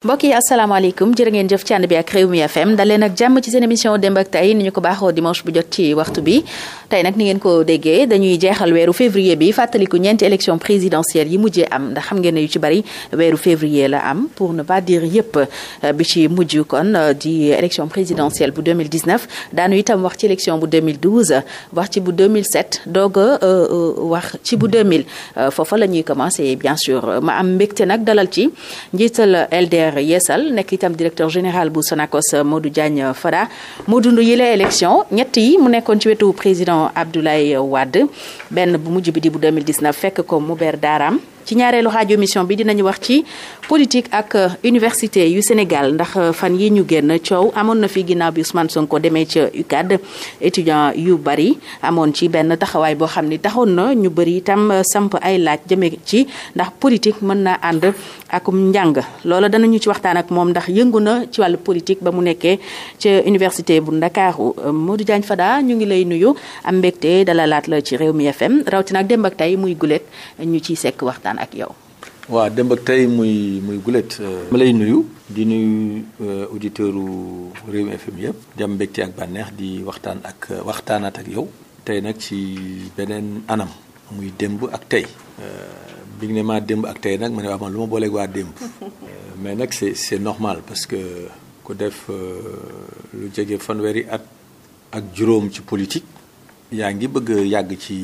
mbokk yi asalaamaaleykum jërë ngeen jëf ci ànd bi ak réew mi FM dal leen jàmm ci seen émission démb ak tay ni ñu ko baaxoo dimanche bu jot ci waxtu bi tey nag ni ngeen ko déggee dañuy jeexal weeru février bi fàttaliku ñeenti élection présidentielle yi mujjee am ndax xam ngeen ne yu ci bari weeru février la am pour ne pas dire yëpp euh, bi ci mujj kon euh, di élection présidentielle bu 2019 daanu itam wax ci élection bu 2012 wax ci bu 2007 doog euh, wax ci bu 2000 foofa la ñuy commencé bien sûr ma am mbégte nag dalal ci njiital APR yeesal nekk itam directeur général bu Sonacos Modou Diagne Fada moo dund yi la élection ñett yi mu nekkoon ci wetu président Abdoulaye Wade benn bu mujj bi di bu 2019 fekk ko mu Moubert Daram ci ñaareelu xaaju émission bi dinañu wax ci politique ak euh, université yu Sénégal ndax euh, fan yi ñu génn coow amoon na fi ginnaaw bi Ousmane Sonko demee ca UCAD étudiant yu bari amoon ci benn taxawaay boo xam ni taxoon na ñu bari itam euh, samp ay laaj jëmee ci ndax politique mën naa ànd akum njàng loola danañu ci waxtaan ak moom ndax yëngu na ci wàllu politique ba mu nekkee ca université bu Ndakaaru Modou Diagne Fada ñu ngi lay nuyu am dala dalalaat la ci Rewmi FM rawatina ak tey muy gulet ñu ciy sekk waxtaan ak yow. waaw démb ak tey muy muy gulet. Euh, ma lay nuyu. di nuyu euh, auditeurs u Rewmi FM yëpp. di am ak bànneex di waxtaan ak euh, waxtaanaat ak yow. tey nag ci beneen anam. muy démb ak tey. bi ñu ne maa démb ak tey nag ma ne waa man lu ma booleeg waa démb. mais nag c'est normal parce que ku def lu jege fanweeri at ak juróom ci politique. yaa ngi bëgg a yàgg ci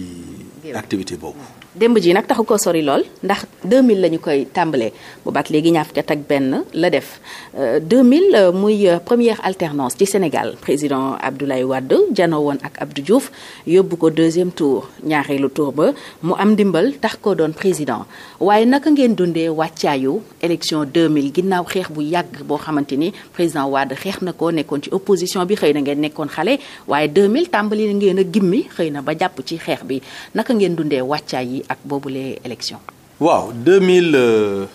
activité boobu. démb ji nag taxu ko sori lool ndax 2000 la ñu koy tàmbalee bu baat léegi ñaar fukki at ak benn la def 2000 euh, euh, muy euh, première alternance ci Sénégal président Abdoulaye Wade janoo woon ak Abdou Diouf yóbbu ko deuxième tour ñaareelu tour ba mu am ndimbal tax ko doon président waaye naka ngeen dundee wàccaayu élection 2000 ginnaaw xeex bu yàgg boo xamante ni président wadd xeex na ko nekkoon ci opposition bi xëy na ngeen nekkoon xale waaye 2000 tàmbali ngeen a gimmi xëy na ba jàpp ci xeex bi naka ngeen dundee wàccaay yi ak boobu les élections waaw 2000 euh,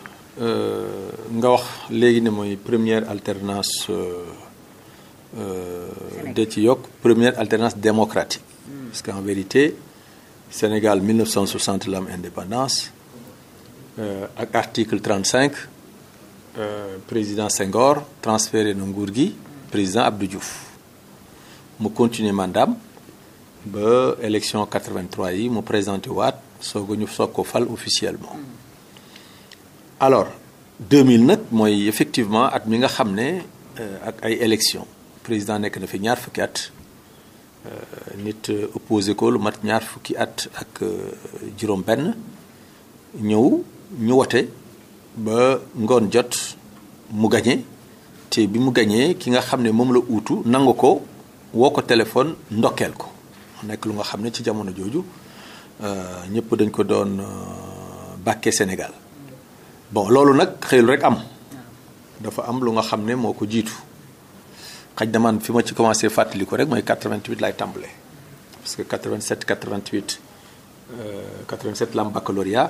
euh, nga wax léegi ne mooy première alternance euh, de ci yokk première alternance démocratique hmm. parce qu'en vérité Sénégal 1960 la am indépendance ak article 35 président Senghor transféré na nguur gi président Abdou Diouf mu continuer mandam ba élection 83 yi mu présenté waat soo soog ñu soog ko fal officiellement. alors 2000 nag mooy effectivement at mi nga xam ne euh, ak ay élections président nekk na fi ñaar fukki at euh, nit euh, opposé ko lu mat ñaar fukki at ak juróom-benn ñëw ñu wote ba ngoon jot mu gañe te bi mu gañee ki nga xam ne moom la uutu nangu ko woo ko téléphone ndokkeel ko nekk lu nga xam ne ci jamono jooju. Euh, ñëpp dañ ko doon euh, bàkkee Sénégal bon loolu nag xëyul rek am dafa am lu nga xam ne moo ko jiitu xaj na man fi ma ci commencé fàttali ko rek mooy 88 lay tàmbale parce que 87 88 87 la am baccalauréat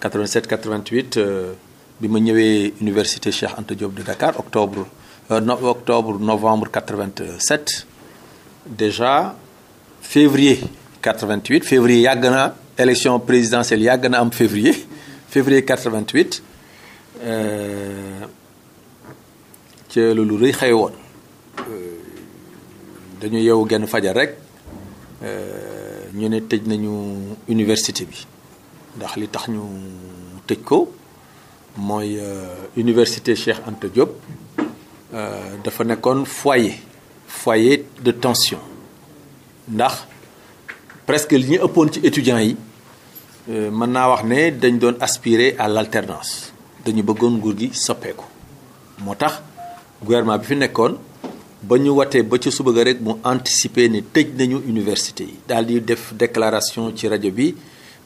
87 88 euh, bi ma ñëwee université Cheikh Anta Diop de Dakar octobre no octobre novembre 87 déjà février. 88 février yàgg na élection présidentielle yàgg na am février février 88 euh, ca loolu rëy xëy woon euh, dañu yeewu genn fajar rek euh, ñu ne tëj nañu université bi ndax li tax ñu tëj ko mooy université Cheikh Anta Diop dafa nekkoon foyer foyer de tension ndax presque li ñu ëppoon ci étudiants yi euh, mën naa wax ne dañ doon aspirer à l'alternance dañu bëggoon nguur gi soppeeku moo tax gouvernement bi fi nekkoon ba ñu watee ba ca suba ga rek mu anticiper ne tëj nañu université yi daal di def déclaration ci rajo bi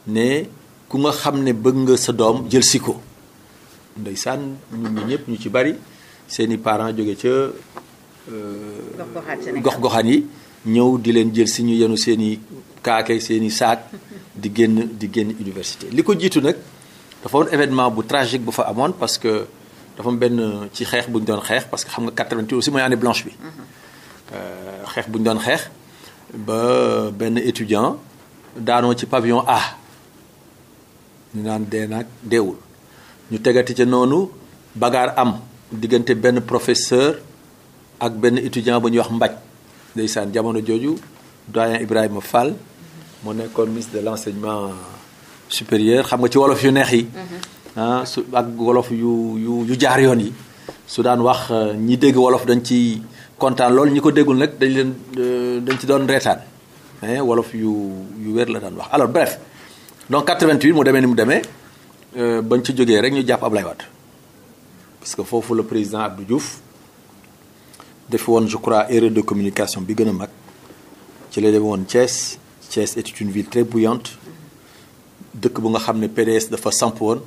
ne ku nga xam ne bëgg nga sa doom jël si ko ndeysaan ñun ñi ñëpp ñu ci bari seeni parent jóge ca euh, gox goxaan yi ñëw di leen jël si ñu yenu seeni kaakee seen i saak di génn di génn université li ko jiitu nag dafa woon événement bu tragique bu fa amoon parce que dafa am benn ci xeex bu doon xeex parce que xam nga 88 aussi mooy année blanche bi euh, xeex bu doon xeex ba benn étudiant daanoo ci pavillon A ñu naan dee nag deewul ñu tegati ca noonu bagaar am diggante benn professeur ak benn étudiant bu ñuy wax mbaj ndeysaan jamono jooju doyen Ibrahima fal mu nekkoon ministre de l'enseignement supérieur xam nga ci wolof yu neex yi mhm. ah, su ak wolof yu yu yu jaar yoon yi su daan wax euh, ñi dégg wolof dañ ci kontaan lool ñi ko déggul nag dañ leen euh, dañ ci doon reetaan mais eh, wolof yu yu wér la daan wax alors bref donc 88 mu demee ni mu demee euh, bañ ci jógee rek ñu jàpp Ablaye Wade parce que foofu la président Abdou juf def woon je crois erreur de communication bi gën a mag ci la dem woon Thiès Thiès est une ville très bouillante dëkk bu nga xam ne PDS dafa samp woon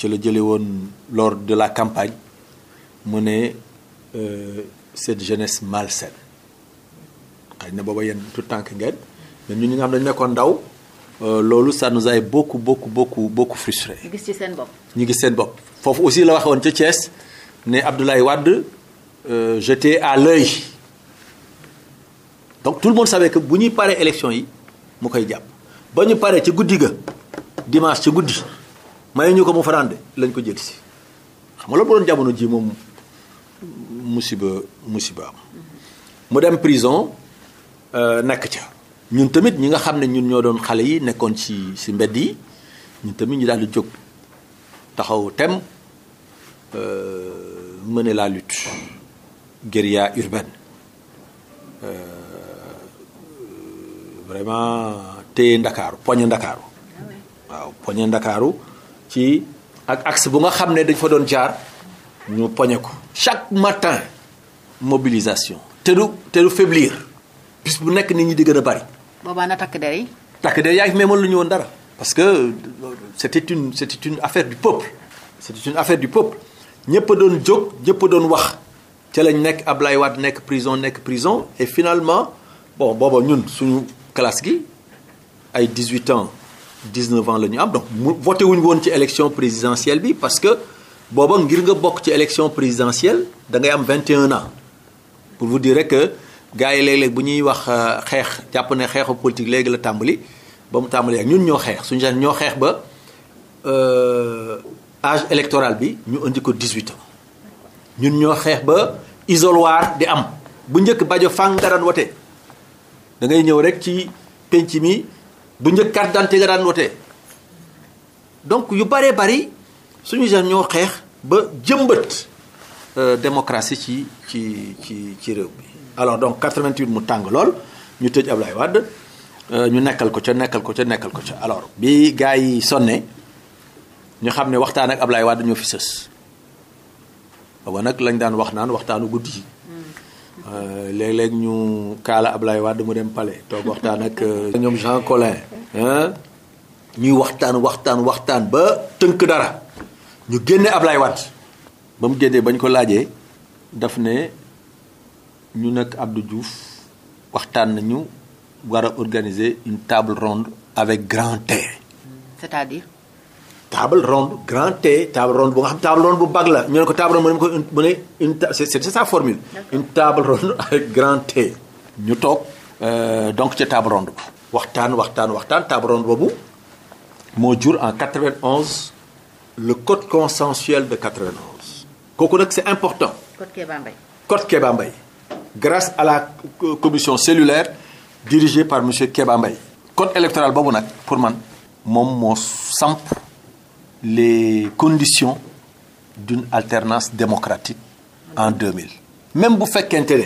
ci la jële woon lors de la campagne mu ne euh, cette jeunesse malsaine xëy na booba yéen tout tànk ngeen mais ñun ñi nga xam dañu nekkoon ndaw euh, loolu ça nous bokk bokk bokk beaucoup beaucoup frustré. ñu gis ci seen bopp. ñu gis seen bopp foofu aussi la waxoon ca Thiès ne Abdoulaye Wade euh, jete à l'œil donc tout le monde savait bu ñuy paree élection yi mu koy jàpp ba ñu paree ci guddi ga dimanche ci guddi may ñu ko mu farande lañ ko jël si xam nga loolu bu doon jamono ji moom musiba musiba mu dem prison euh, nekk ca ñun tamit ñi nga xam ne ñun ñoo doon xale yi nekkoon ci si mbedd yi ñun tamit ñu daal di jóg taxaw tem euh, mener la lutte guérilla urbaine euh, vraiment téye ndakaaru poñe ndakaaru waaw poñe ndakaaru ci ak axe bu nga xam ne dañu fa doon jaar ñu poñe ko chaque matin mobilisation te du te du faiblir bis bu nekk nit ñi di gën a bari. boobaa na takk der yi. takk der yaa ngi mais mënuñu woon dara. parce que c'était une c'était une affaire du peuple. c'était une affaire du peuple ñëpp doon jóg ñëpp doon wax ca lañ nekk Ablaye Wade nekk prison nekk prison et finalement booba ñun suñu classe gi ay 18 ans 19 ans la ñu am donc mu voté wuñu woon ci élection présidentielle bi parce que booba ngir nga bokk ci élection présidentielle dangay ngay am 21 ans pour vous dire rek gars yi léeg-léeg bu ñuy wax euh, xeex jàpp ne xeexu politique léegi la tàmbali ba mu tàmbali ak ñun ñoo xeex suñu gen ñoo xeex ba euh, âge électoral bi ñu indi ko 18 ans ñun ñoo xeex ba isoloir di am bu njëkk bajo fang daran wote da ngay ñëw rek ci pénc mi bu njëkk carte d'identité daan wote donc yu baree bari suñu jeune ñoo xeex ba jëmbat euh, démocratie ci ci ci ci réew bi alors donc 88 mu tàng lool ñu tëj Ablaye Wade euh, ñu nekkal ko ca nekkal ko ca nekkal ko ca alors bi gars yi sonne ñu xam ne waxtaan ak Ablaye Wade ñoo fi sës booba nag lañ daan wax naan waxtaanu guddi yi Euh, léeg-léeg ñu kaala Ablaye Wade mu dem Palais toog waxtaan ak euh, ñoom Jean Collin ñuy waxtaan waxtaan waxtaan ba tënk dara ñu génne Ablaye Wade ba mu génnee bañ ko laajee daf ne ñu nag Abdou Diouf waxtaan nañu war a organiser une table ronde avec Grand T. cest table ronde grand T table ronde bu nga xam table ronde bu bag la ñu ne ko table ronde mu ne mu ne une c'est c'est sa formule. une table ronde avec grand T. ñu toog euh, donc ca table ronde ba. waxtaan waxtaan waxtaan table ronde boobu moo jur en 91 le code consensuel de 91. kooku nag c'est important. code Kéba Mbaye. code Kéba Mbaye. grâce à la commission cellulaire dirigée par monsieur Kéba Mbaye. code électoral boobu nag pour man moom moo samp. les conditions d'une alternance démocratique en 2000 même bu fekkente ne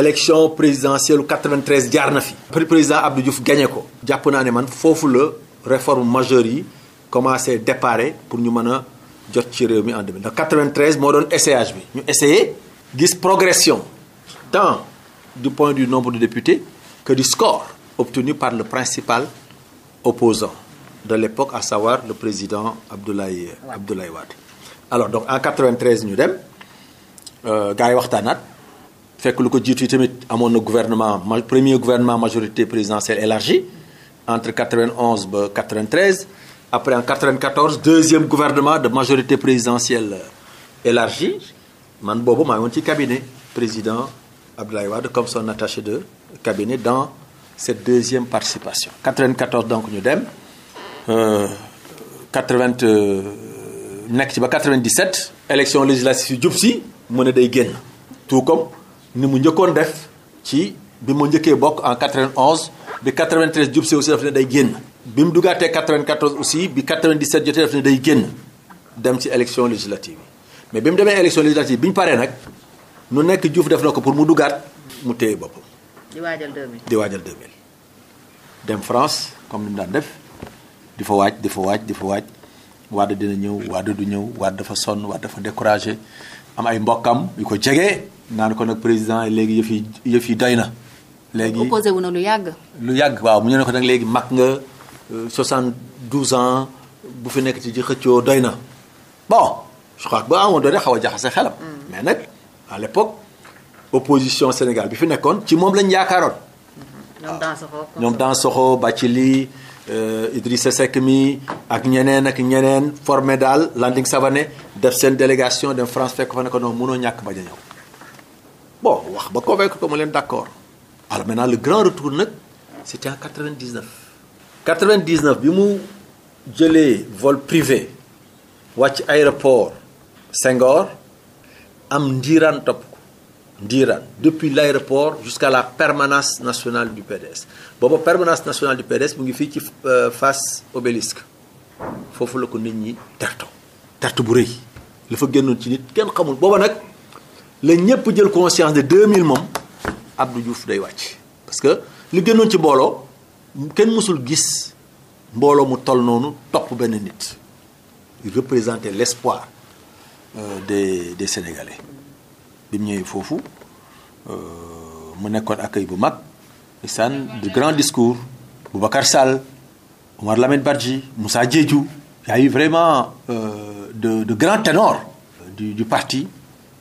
élection présidentielle 93 jaar na fi président Abdou Diouf gagné ko jàpp naa ne man foofu la réforme majeure yi commencé déparé pour ñu mën a jot ci réew mi en 2000 ndax 93 moo doon essayage bi ñu essayé gis progression tant du point du nombre de députés que du score obtenu par le principal opposant de l'époque à savoir le président Abdoulaye Abdoulaye Wade alors donc en 93 ñu dem euh, gars yi waxtaanaat fekk lu ko jiitu tamit amoon na gouvernement premier gouvernement majorité présidentielle élargie entre 91 ba 93 après en 94 deuxième gouvernement de majorité présidentielle élargie man boobu maa ngi woon ci cabinet président Abdoulaye Wade comme son attaché de cabinet dans cette deuxième participation 94 donc ñu dem Euh, quatre-vingt euh, nekk ci ba quatre-vingt-dix-sept élection législative yu jub si mu ne day génn tout comme ni mu njëkkoon def ci bi mu njëkkee bokk en quatre-vingt-onze bi quatre-vingt-treize jub aussi daf ne day génn bi mu dugaatee quatre-vingt-quatorze aussi bi quatre vingt dix jotee daf ne day génn dem ci élection législative yi mais bi mu demee élection législative bi ñu paree nag nu nekk Diouf def na ko pour mu duggaat mu téye boppam. di waajal 2000 di waajal 2000 France comme ni mu daan def. di fa waaj di fa waaj di fa waaj wadd dina ñëw wadd du ñëw wadd dafa sonn wadd dafa découragé am ay mbokkam yu ko jege naan ko nag président léegi yëf yi yëf yi doy na. léegi opposé wu na lu yàgg. lu yàgg waaw mu ñu ne ko nag léegi mag nga 72 euh, ans bu fi nekk ci ji xëccoo doy na bon je ba amoon doy na xaw a jaxase xelam. Mm. mais nag à l'époque opposition Sénégal bi fi nekkoon ci moom lañ yaakaaroon. Mm-hmm. ñoom Dansokho. ñoom Dansokho Bathily. Euh, Idrissa Seck mi ak ñeneen ak ñeneen formé daal Landing Savané def seen délégation dem France fekk fa ne ko noonu ñàkk bañ a ñëw bon wax ba convaincre ko mu leen d' accord alors maintenant le grand retour nag c' était en 99. 99 bi mu jëlee vol privé wàcc aéroport Senghor am ndiiraan topp. Ndiiraan depuis l'aéroport jusqu'à la permanence nationale du PDS booba permanence nationale du PDS mu ngi fii ci euh, face obélisque foofu la ko nit ñi terto terto bu rëy la fa génnoon ci kenn xamul booba nag la ñëpp jël conscience de mille moom Abdou Diouf day wàcc parce que li génnoon ci mbooloo kenn mësul gis mbooloo mu tol noonu topp benn nit il représentait l'espoir euh, des des Sénégalais bi mu ñëwee foofu euh, mu nekkoon accueil bu mag isaan du grand discours Boubacar Sall Omar Lamine Badji Moussa Diédhiou y a eu vraiment euh, de de grands ténors euh, du du parti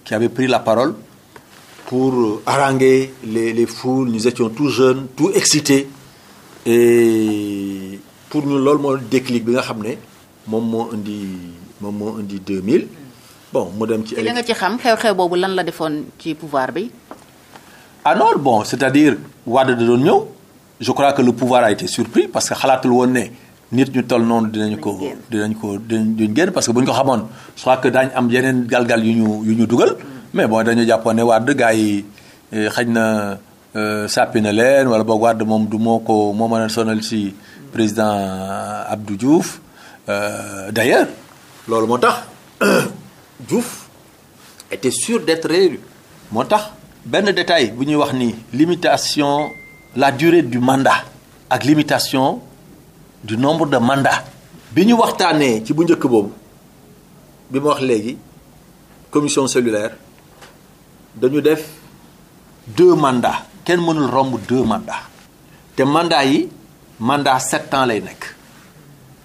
qui avaient pris la parole pour euh, haranguer les les foules nous étions tout jeunes tout excités et pour ñun loolu moo déclic bi nga xam ne moom moo indi moom moo indi 2000 bon mu dem ci. li nga ci xam xew-xew boobu lan la defoon ci pouvoir bi. alors bon cest à diir wàdd da doon ñëw je crois que le pouvoir a été surpris parce que xalaatul woon ne nit ñu toll noonu dinañ ko dinañ ko duñ génn parce que bu ñu ko xamoon soit que daañ am yeneen galgal yu ñu yu ñu dugal mm. mais bon dañu jàppoon ne Wade gars yi eh, xaj na euh, sàppi na leen wala boog Wade moom du moo ko moo mën a sonal si président Abdou juuf euh, d'ailleurs loolu moo tax Diouf était sûr d'être réélu moo tax benn détail bu ñuy wax ni limitation la durée du mandat ak limitation du nombre de mandats bi ñu waxtaanee ci bu njëkk boobu bi ma wax léegi commission cellulaire dañu def deux mandats kenn mënul romb deux mandats te mandat yi mandat sept lay nekk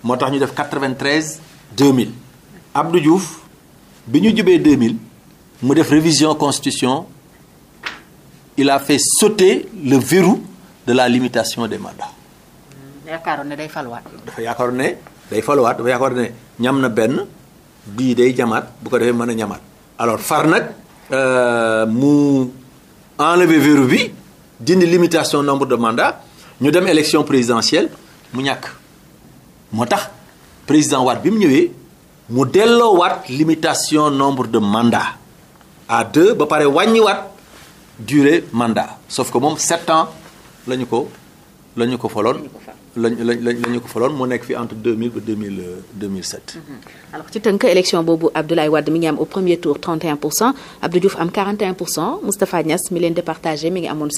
moo tax ñu def 93 2000 bi ñu jubee 2000 mu def révision constitution il a fait sauter le verrou de la limitation des mandats. Mmh, yaakaaroon ne day faluwaat. dafa yaakaaroon ne day faluwaat dafa yaakaaroon ñam na benn bii day jamaat bu ko defee mën a ñamaat alors far nag euh, mu enlever verrou bi dindi limitation nombre de mandats ñu dem élection présidentielle mu ñàkk moo tax président Wade bi mu ñëwee. mu delloowaat limitation nombre de mandat à deux ba pare wàññiwaat durée mandat sof ko moom sept ans la ko lañu ko faloon lañ lañ la ñu ko faloon mu nekk fi entre 2000 ba euh, mm-hmm. ci tënk élection boobu Abdoulaye Wade mi ngi am au premier tour 31 pour cent Abdou Diouf am 41 pour cent Moustapha Niass mi leen départagé mi ngi amoon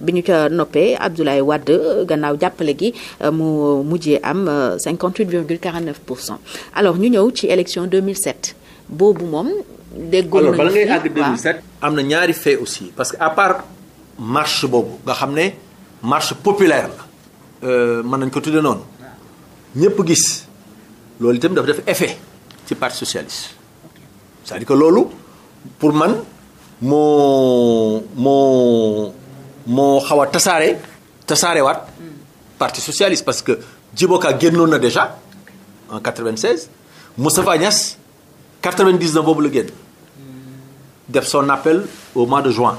bi ñu ca noppee Abdoulaye Wade euh, gannaaw jàppale gi euh, mu mujjee am 58 virgule 49 pour cent alors ñu ñëw ci élection 2007 boobu moom. déggoo nañu alors bala ngay àgg am na ñaari fait aussi parce que à part marche boobu nga xam ne. marche populaire la euh, mën nañ ko tudde noonu ñëpp gis loolu itam dafa def effet ci parti socialiste c'est-à-dire que loolu pour man moo moo moo xaw a tasaare tasaarewaat parti socialiste parce que jibokaa génnoon na déjà en 96 Moustapha Niass 99 boobu la génn def son appel au mois de juin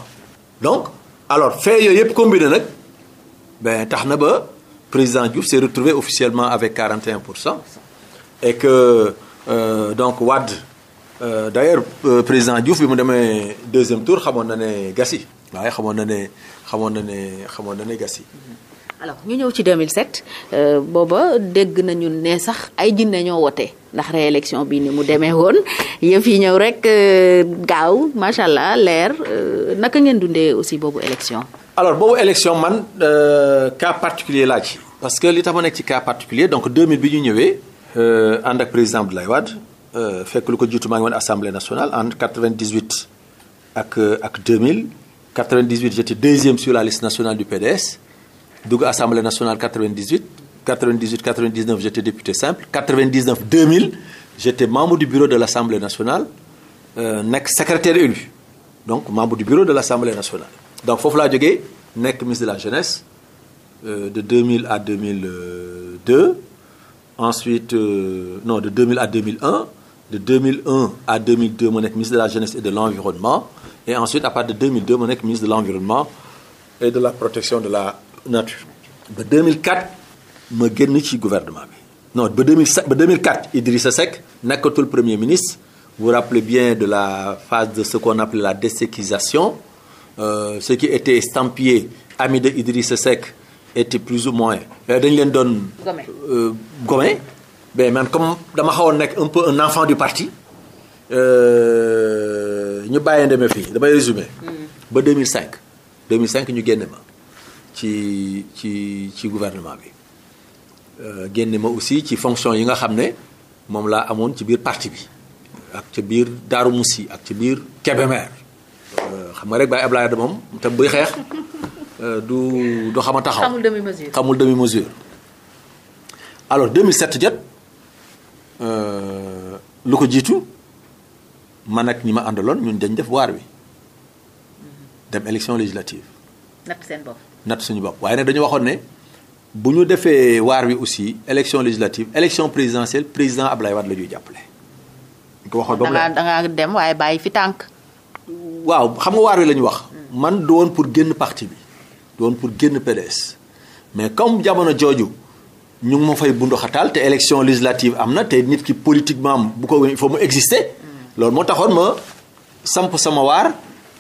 donc alors fait yooyu yëpp combiné nag ben tax na ba président Diouf s'est retrouvé officiellement avec 41 pour cent et que euh, donc Wade euh, d'ailleurs euh, président Diouf bi mu demee deuxième tour xamoon na ne gasi waaye xamoon na ne xamoon na ne xamoon na ne gasi alors ñu ñëw ci 2007 euh, booba dégg nañu ne sax ay jinne ñoo wote ndax réélection bii ni mu demee woon yëf yi ñëw rek euh, gaaw macha allah leer euh, naka ngeen dundee aussi boobu élection. alors boobu élection man cas particulier laa ci. parce que li tax ma nekk ci cas particulier donc 2000 bi ñu ñëwee ànd ak président Abdoulaye Wade fekk lu ko jiitu maa ngi woon assemblée nationale en 98 ak ak 2000 98 j'étais deuxième sur la liste national du PDS. dugg assemblée nationale 98 98 99 j'étais député simple 99 2000 j'étais membre du bureau de l'assemblée nationale euh, nekk secrétaire élu donc membre du bureau de l'assemblée nationale donc foofu laa jógee nekk ministre de la jeunesse euh, de 2000 à 2002 euh, ensuite non de 2000 à 2001 de 2001 à 2002 ma ministre de la jeunesse et de l'environnement et ensuite à partir de 2002 ma nekk ministre de l'environnement et de la protection de la nature ba 2004 ma génn ci gouvernement bi no ba 2007 ba 2004 Idrissa Seck nekkatul premier ministre vous rappelez bien de la phase de ce qu'on appelait la déséquisation euh, ce qui était estampillé ami de Idrissa Seck était plus ou moins euh, dañ leen doon gomé euh, mais man comme dama xawoon nekk un peu un enfant du parti euh, ñu bàyyee demee fii damay résumer hmm. ba 2005 2005 ñu génne ma ci ci ci gouvernement bi euh, génne ma aussi ci fonction yi nga xam ne moom laa amoon ci biir parti bi ak ci biir Daaru Musi ak ci biir Kébémer euh, xam nga rek Baye Ablaye moom te buy xeex euh, du du xam a taxaw xamul demi mesure xamul demi mesure alors 2007 jot lu ko jiitu man ak ñi ma àndaloon ñun dañ def waar wi mm-hmm. dem élection législative. napp seen natt suñu bopp waaye ne dañu waxoon ne bu ñu defee waar wi aussi élection législative élection présidentielle président Ablaye Wade la ñuy jàppale. ñu ko waxoon ba mu nga dem waaye bàyyi fi tànk. waaw xam nga waar wi la ñu wax. man doon pour génn parti bi. doon pour génn PDS mais comme jamono jooju ñu ngi ma fay bunduxataal te élection législative am na te nit ki politiquement bu ko il faut mu exister. loolu moo taxoon ma samp sama waar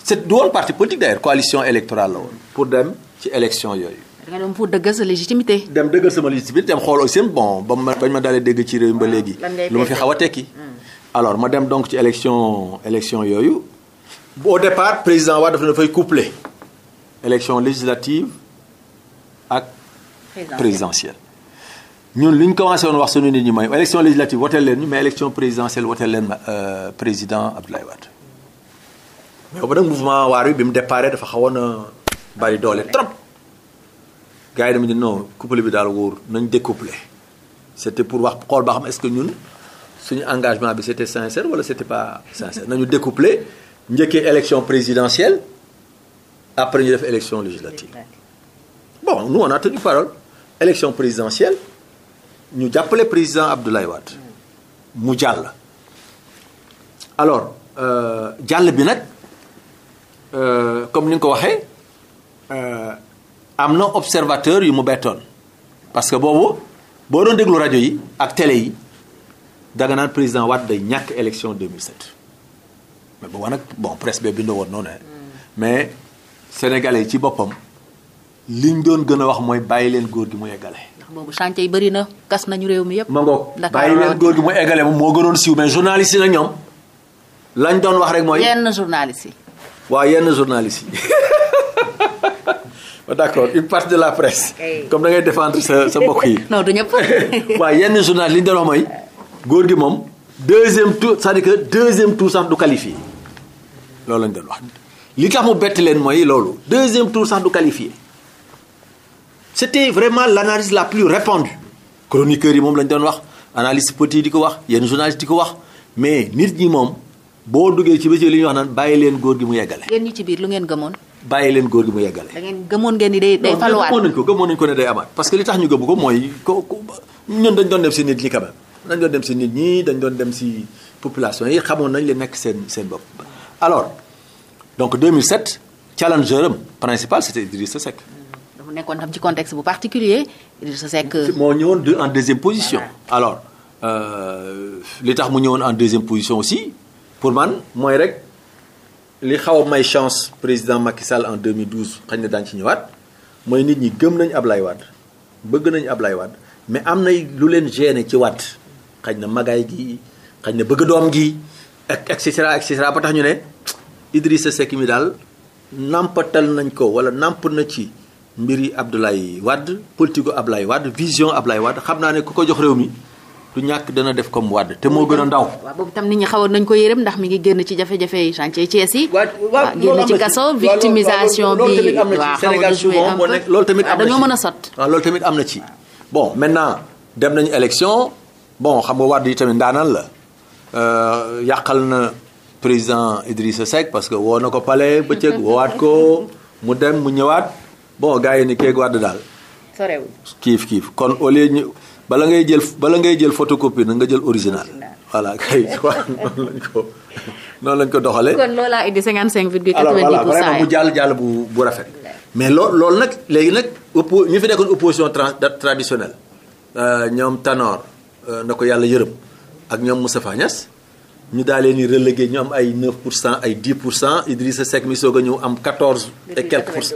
c'est du parti politique d'ailleurs coalition électorale la woon pour dem. ci élection yooyu. da pour dëggal sa légitimité. dem dëggal sama légitimité dem xool aussi bon ba ma ma dalee dégg ci réew mi ba ah, léegi. lu ma fi xaw a tekki. Hmm. alors ma dem donc ci élection élection yooyu. au départ président Wade dafa dafay couplé. élection législative ak. présidentielle ñun li ñu commencé woon wax suñu nit ñi mooy élection législative woteel leen ñu mais élection présidentielle woteel leen euh, président Abdoulaye Wade. mais boobu nag mouvement waar wi bi mu déparé dafa xawoon euh, bari doolee trop gars yi dama ne non couple bi daal wóor nañ découpler c' était pour wax xool ba xam est ce que ñun suñu engagement bi c' était sincère wala c' était pas sincère nañu découpler njëkkee élection présidentielle après ñu def élection législative bon nous on a tenu parole élection présidentielle ñu jàppale président Abdoulaye Wade mu jàll alors euh, jàll bi nag euh, comme ni nga ko waxee Euh, am na observateur yu mu bettoon parce que boobu boo doon déglu rajo yi ak télé yi danga naan président Wade day ñàkk élection 2007 mais booba nag bon presse bi bindoo woon noonu mm. mais sénégalais ci boppam liñ doon gën a wax mooy bàyyi leen góor gi mu eggale. ndax boobu yi bëri na gas nañu réew mi yëpp. ma ngoog bàyyi leen góor gi mu eggale moom moo gënoon siiw mais journaliste yi la ñoom lañ doon wax rek mooy. yenn journaliste yi. waa yenn journaliste yi d' accord une partie de la presse. comme da ngay défendre sa sa mbokk yi. non du ñëpp. waa yenn journaliste li ñu mooy góor gi moom deuxième tour cest à deuxième tour sax du qualifié loolu la ñu doon wax li tax mu bett leen mooy loolu deuxième tour sax du qualifié c' était vraiment l' analyse la plus répandue chroniqueurs yi moom la ñu doon wax analyste politique di ko wax yenn journaliste di ko wax mais nit ñi moom. boo duggee ci bëccëg li ñuy wax naan bàyyi leen góor gi mu yeggale. yéen ñi biir lu ngeen gëmoon. bàyyi leen góor gi mu yeggale. da ngeen gëmoon ngeen ni day day faluwaat gëmoon ko gëmoon nañu ko ne day amaat parce que li tax ñu gëm ko mooy ko ñun dañ doon dem si nit ñi quand même dañ doon dem si nit ñi dañ doon dem si population yi xamoon nañ li nekk seen seen bopp alors donc 2007 challenger am principal c'était Idrissa Seck. dafa nekkoon tam ci contexte bu particulier Idrissa Seck. Euh, moo ñëwoon en deuxième position. alors euh, li tax mu ñëwoon en deuxième position aussi pour man mooy rek li xaw a may chance président Macky Sall en 2012 xañ na daan ci ñëwaat mooy nit ñi gëm nañ Ablaye Wade bëgg nañ Ablaye Wade mais am na lu leen gêné ci Wade xañ na magaay gi xañ na bëgg doom gi ak et cetera et ba tax ñu ne Idrissa Seck mi daal nampatal nañ ko wala namp na ci mbiri Abdoulaye Wade politique Ablaye Wade vision Ablaye Wade xam naa ne ku ko jox réew mi du ñàkk dana def comme Wade te moo gën a ndaw. waaw boobu tam nit ñi xawoon nañ ko yërëm ndax mi ngi génn ci jafe-jafe yi chantier Thiès yi. waaw génn ci kaso victimisation bi. loolu tamit am na ci dañoo mën a sot. waaw na ci bon maintenant dem nañu élection bon xam nga yi tamit ndaanaan la euh, yàqal na président Idrissa Seck parce que woo na ko palais bëccëg woowaat ko mu dem mu ñëwaat bon gars ni keeg Wade daal. kiif kiif kon au ñu. bala ngay jël bala ngay jël photocopie na nga jël original voilà kay waaw noonu lañ ko noonu lañ ko doxalee. kon loolaa indi 55 virgule 90 pour cent voilà vraiment mu jàll jàll bu bu rafet. mais loo loolu nag léegi nag oppo ñu fi nekkoon opposition traditionnelle euh, ñoom Tanor euh, na ko yàlla yërëm ak ñoom Moustapha Niass ñu daal leen di relégué ñu am ay 9 pour cent ay 10 pour cent sa Seck mi soog a ñëw am 14 et quelques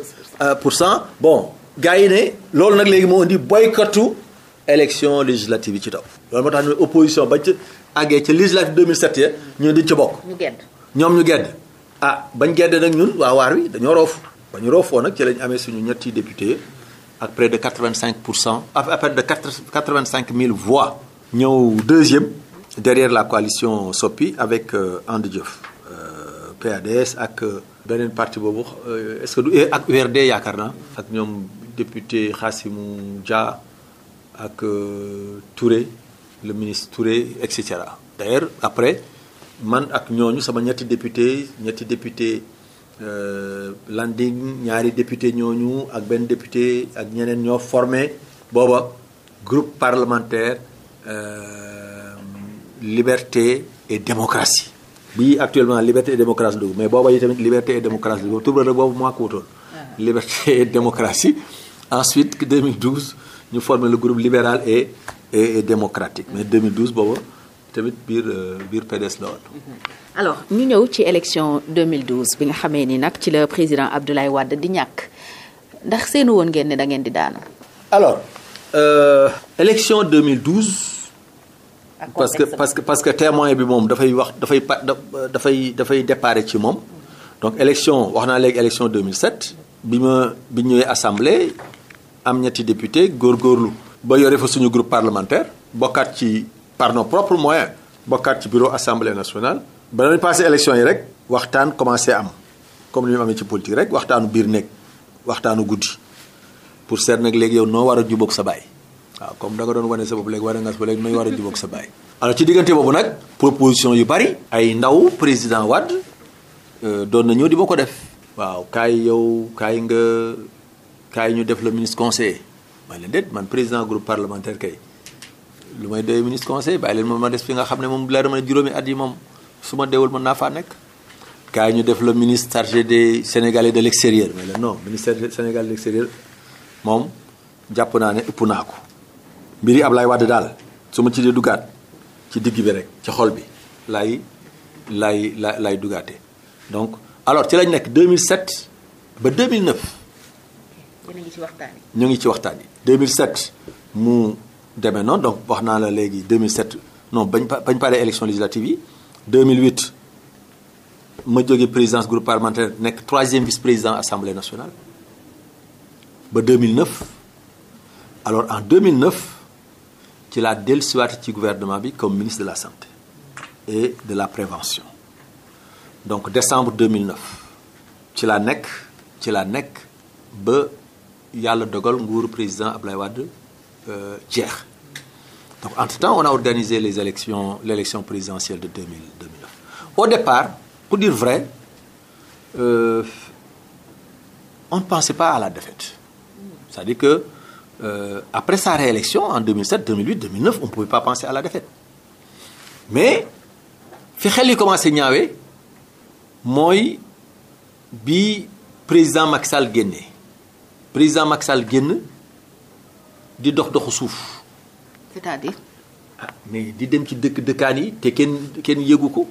euh, pour cent. bon gars yi nag léegi moo indi boycottu. élection législative yi ci taw loolu moo tax ñu opposition ba ci àggee ci législative 2007 ya ñu di ci bokk. ñu gedd ñoom ñu gedd ah bañ gedde nag ñun waa waar wi dañoo roof ba ñu roofoo nag ci lañ amee suñu ñetti député ak près de cinq pour cent à près de 85 000 voix. ñëw deuxième derrière la coalition Sopi avec euh, And Jëf euh, PADS ak euh, beneen parti boobu est-ce que du ak URD yaakaar naa ak ñoom député Khassimou Dia. ak euh, Touré le ministre Touré et cetera d'ailleurs après man ak ñooñu sama ñetti député ñetti député euh, Landing ñaari député ñooñu ak benn député ak ñeneen ñoo formé booba groupe parlementaire euh, liberté et démocratie bii actuellement liberté et démocratie dugg mais booba yi tamit liberté et démocratie dugg tur boobu moo ko wutoon ah. liberté et démocratie ensuite 2012 ñu formé le groupe libéral et et, et démocratique mais 2012 boobu tamit biir euh, biir PDS la woon. Mhm. alors ñu ñëw ci élection bi nga xamee ni nag ci la président Abdoulaye Wade di ñàkk ndax seenu woon ngeen ne da ngeen di daanu. alors euh, élection 2012. parce que parce que parce que témoin bi moom dafay wax dafay pa dafay dafay déparé ci moom donc élection wax naa léegi élection 2007 bi ma bi ñëwee assemblée am ñetti député góorgóorlu ba yore fa suñu groupe parlementaire bokkaat ci par nos propres moyens bokkaat ci bureau assemblée nationale ba dañu passé élection yi rek waxtaan commencé am comme ni mu amee ci politique rek waxtaanu biir nekk waxtaanu guddi pour seet nag léegi yow noo war a jubóog sa baay waaw comme da nga doon wane sa bopp léegi wane nga sa bopp léegi war a jubóog sa baay alors ci diggante boobu nag proposition yu bari ay ndaw président Wade euh, doon na ñëw di ma ko def waaw kaay yow kaay nga kaay ñu def la ministre conseiller ma leen déet man président groupe parlementaire kay lu may doy ministre conseiller bàyyi leen moom ma des fi nga xam ne moom leer na ma ne juróomi at yi moom su ma deewul mën naa faa nekk. kaay ñu def la ministre chargé des Sénégalais de l' extérieur ma leen non ministère des Sénégalais de l' moom jàpp naa ne ëpp naa ko. mbiri Ablaye Wade daal su ma ci dee dugaat ci digg bi rek ci xol bi lay lay laay dugaate donc alors ci lañ nekk 2007 ba 2009. ñoo ngi ci waxtaan yi. ñu ngi ci waxtaan yi 2007 mu demee noonu donc wax naa la léegi 2007 non bañ bañ paree élection législative yi 2008 ma jógee présidence groupe parlementaire nekk troisième vice président assemblée nationale ba 2009 alors en 2009 ci laa dellusiwaat ci gouvernement bi comme ministre de la santé et de la prévention donc décembre 2009 ci laa nekk ci laa nekk ba. yàlla dogal nguuru président Ablaye Wade euh, jeex donc entre temps on a organisé les élections l'élection présidentielle de 2000 2009 au départ pour dire vrai euh, on ne pensait pas à la défaite c'est-à-dire que euh, après sa réélection en 2007 2008 2009 on ne pouvait pas penser à la défaite mais fi xel yi commencé ñaawee mooy bi président Macky Sall génnee président Macky Sall génn di dox doxu suuf. c'est-à-dire. Ah, mais di dem ci dëkk dëkkaan yi te kenn kenn yëgu ko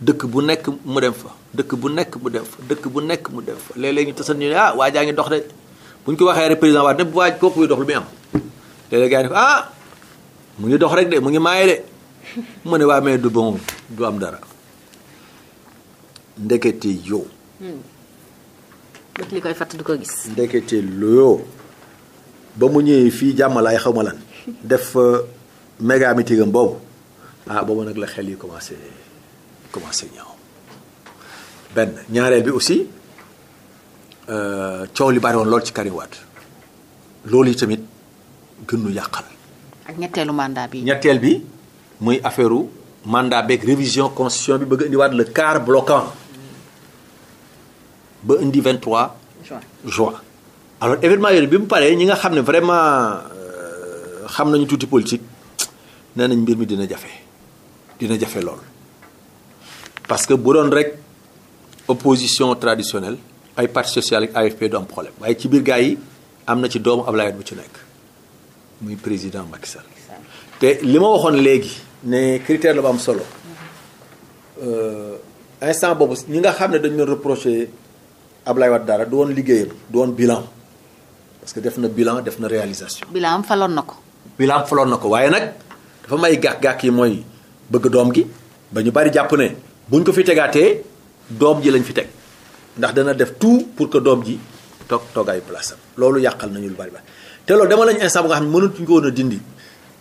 dëkk bu nekk mu dem fa dëkk bu nekk mu dem fa dëkk bu nekk mu dem fa léeg-léeg ñu tasal ñu ah waa jaa ngi dox de bu ñu ko waxee rek président waat ne bu waaj kooku buy dox lu muy am léeg gaa yi ko ah mu ngi dox rek de mu ngi maaye de mu ne waa mais du bon du am dara ndekete yow. Hmm. bët li koy fatt du mu ñëwee fii jàmmalaay xaw ma lan def méga meeting am boobu ah, xel yi commencé commencé bi aussi euh, coow li bari lool ci Karim Wade loolu yi tamit gënu yàqal. ak ñetteelu mandat bi. ñetteel bi muy affaire mandat beeg révision constition bi bëgg indiwaat le quart bloquant. ba indi 23 juin alors événement yooyu bi mu paree ñi nga xam ne vraiment euh, xam nañu tuuti politique nee nañ mbir mi dina jafe dina jafe lool parce que bu doon rek opposition traditionnelle ay parti social ay AFP du am problème waaye ci biir gars yi am na ci doomu Ablaye bu ci nekk muy président Macky Sall te li ma waxoon léegi ne critère la ba am solo euh, instant boobu ñi nga xam ne dañu doon Ablaye Wade dara du woon liggéeyam du woon bilan parce que def na bilan def na réalisation. bilan am faloon na ko. bilan am faloon na ko waaye nag dafa may gàkk-gàkk yi mooy bëgg doom gi ba ñu bari jàpp ne buñ ko fi tegaatee doom ji lañ fi teg ndax dana def tout pour que doom ji toog toogaayu place am loolu yàqal nañu lu bari bari te loolu dama lañu instant bu nga ne mënatuñu ko woon a dindi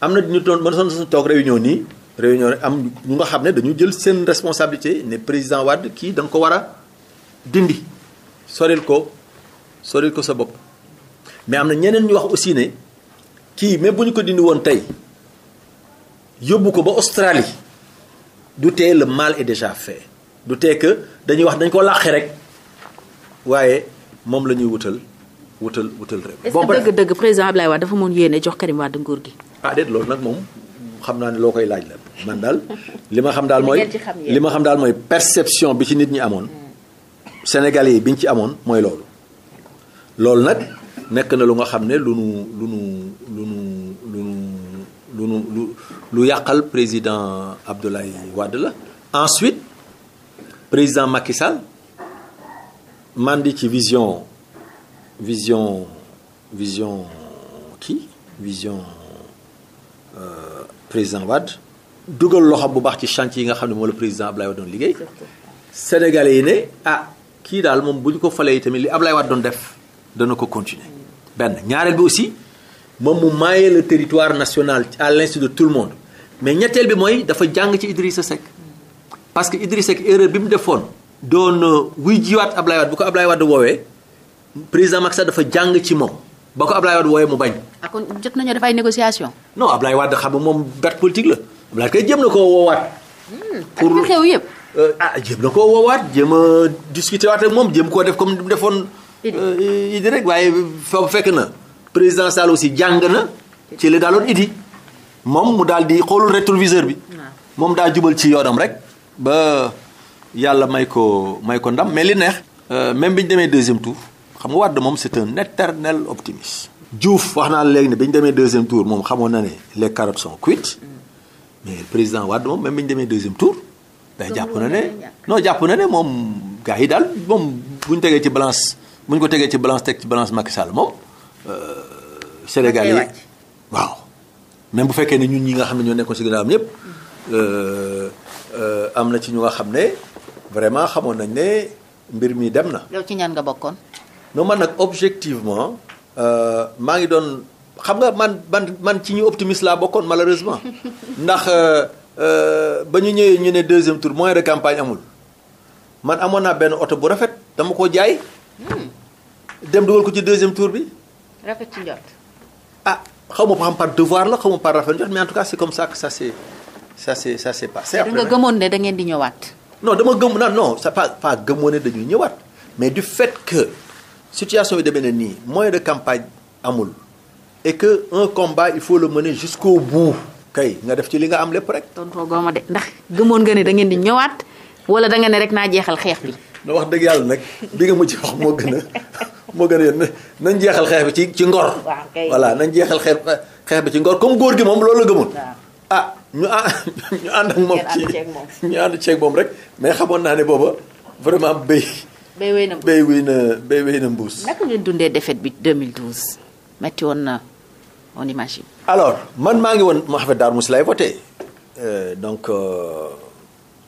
am na ñu doon mën son toog réunion nii réunion am ñu nga xam ne dañu jël seen responsabilité ne président Wade kii da ko war a dindi. soril ko soril ko sa bopp mais am na ñeneen ñu wax aussi ne kii même bu ñu ko dindi woon tey yóbbu ko ba Australie du tee le mal est déjà fait du tee que dañuy wax dañ ko làqe rek waaye moom la ñuy wutal wutal wutal rek. bon est-ce que dëgg-dëgg président Ablaye Wade dafa moon yéene jox Karim Wade nguur gi. ah loolu nag moom xam naa ne loo koy laaj la man daal li ma xam daal mooy li ma xam daal mooy perception bi ci nit ñi amoon. sénégalais yi bi ñu ci amoon mooy loolu loolu nag nekk na lu nga xam ne lu nu lu nu lu nu lu lu lu yàqal président Abdoulaye Wade la ensuite président Macky Sall man di ci vision vision vision kii vision euh, président Wade dugal loxo bu baax ci chantier yi nga xam ne moom la président Abdoulaye Wade doon liggéey sénégal yi ne ah kii daal moom bu ñu ko falee tamit li Ablaye Wade doon def dana ko continuer benn ñaareel bi aussi moom mu maye le territoire national à l'insu de tout le monde mais ñetteel bi mooy dafa jàng ci Idrissa sec parce que Idrissa Seck erreur bi mu defoon doon euh, wuy jiwaat Ablaye Wade bu ko Ablaye Wade woowee président Macky Sall dafa jàng ci moom ba ko Ablaye Wade woowee mu bañ. ah kon jot nañu def ay no non Ablaye Wade xam nga moom bête politique la Ablaye kay na koo woowaat. Hmm, pour yëpp. Euh, ah jéem na ko woowaat jéem a discuter waat ak moom jéem koo def comme defoon. Euh, Idi rek waaye fa fekk na président Sall si jàng na ci li daaloon Idi moom mu daal di xoolul rétroviseur bi. moom daa jubal ci yoonam rek ba yàlla may ko may ko ndam mais li neex. Euh, même bi ñu demee deuxième tour xam nga Wade moom c'est un éternel optimiste. Diouf wax naa léegi ne bi ñu demee deuxième tour moom xamoon na ne les carottes sont cuites mm. mais président Wade moom même bi ñu demee deuxième tour. day jàpp na ne non jàpp na ne moom gars yi daal moom bu ñu tegee ci balance bu ñu ko tegee ci balance teg ci balance Macky Sall moom euh, Sénégal yi waaw même bu fekkee ni ñun ñi nga xam ne ñoo nekkoon si ginnaaw ñëpp mm. euh, euh, am na ci ñu nga xam ne vraiment xamoon nañ ne mbir mi dem na. yow ci ñaan nga bokkoon. non man nag objectivement maa ngi doon xam nga man man man ci ñu optimiste laa bokkoon malheureusement ndax. Euh, ba ñu ñëwee ñu ne deuxième tour moyen de campagne amul man amoon naa benn oto bu rafet dama ko jaay. Hmm. dem dugal ko ci deuxième tour bi. rafet ci njort. ah xaw ma xam par devoir la xaw ma par rafet njort mais en tout cas c' comme ça que ça s' est ça s' nga gëmoon ne da ngeen di ñëwaat. non dama gëm non non c' est pas pas gëmoon ne dañuy ñëwaat mais du fait que situation bi demee na nii moyen de campagne amul et que un combat il faut le mener jusqu'au bout. kay nga def ci li nga am lépp rek. tontoo ma de ndax gëmoon nga ne da ngeen di ñëwaat wala da nga ne rek naa jeexal xeex bi. na wax dëgg yàlla nag bi nga mujj wax moo gën a moo gën a yoon nañ jeexal xeex bi ci ci ngor. waaw kay voilà jeexal xeex xeex bi ci ngor comme góor gi moom loolu la gëmoon. ah ñu ñu ànd ak moom. ci ñu ànd ceeg moom rek. mais xamoon naa ne booba vraiment béy. béy wéy na béy wéy na béy wéy na mbuus. naka ngeen dundee défaite bi 2012 metti woon na. on imagine. alors man maa ngi woon Mohamed Darou Moussi laay voté euh, donc euh,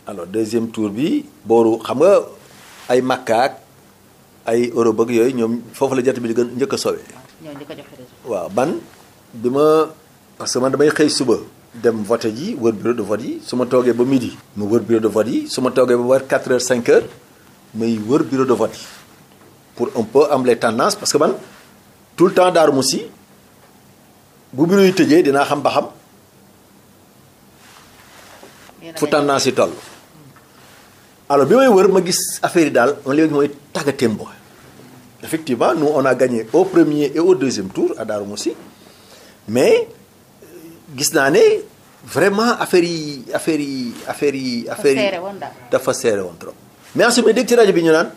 alors deuxième tour bi booru xam nga ay Makka ay Europe ak yooyu ñoom foofu la jant bi di gën njëkk a sowe waaw ban bi ma parce que man damay xëy suba dem vote ji wër bureau de vote yi su ma toogee ba midi mu wër bureau de vote yi su ma toogee ba war 4 heures cinq heures may wër bureau de vote yi pour un peu am les tendance parce que man tout le daar Darou si bu bureau yi tëjee dinaa xam ba xam fu tendance yi toll alors bi may wër ma gis affaire yi daal on léegi mooy tàggatéem booy effectivement nous on a gagné au premier et au deuxième tour à Darou mais gis naa ne vraiment affaire yi affaire yi affaire yi affaire yi dafa seere woon trop mais ensuite ma dégg ci rajo bi ñu naan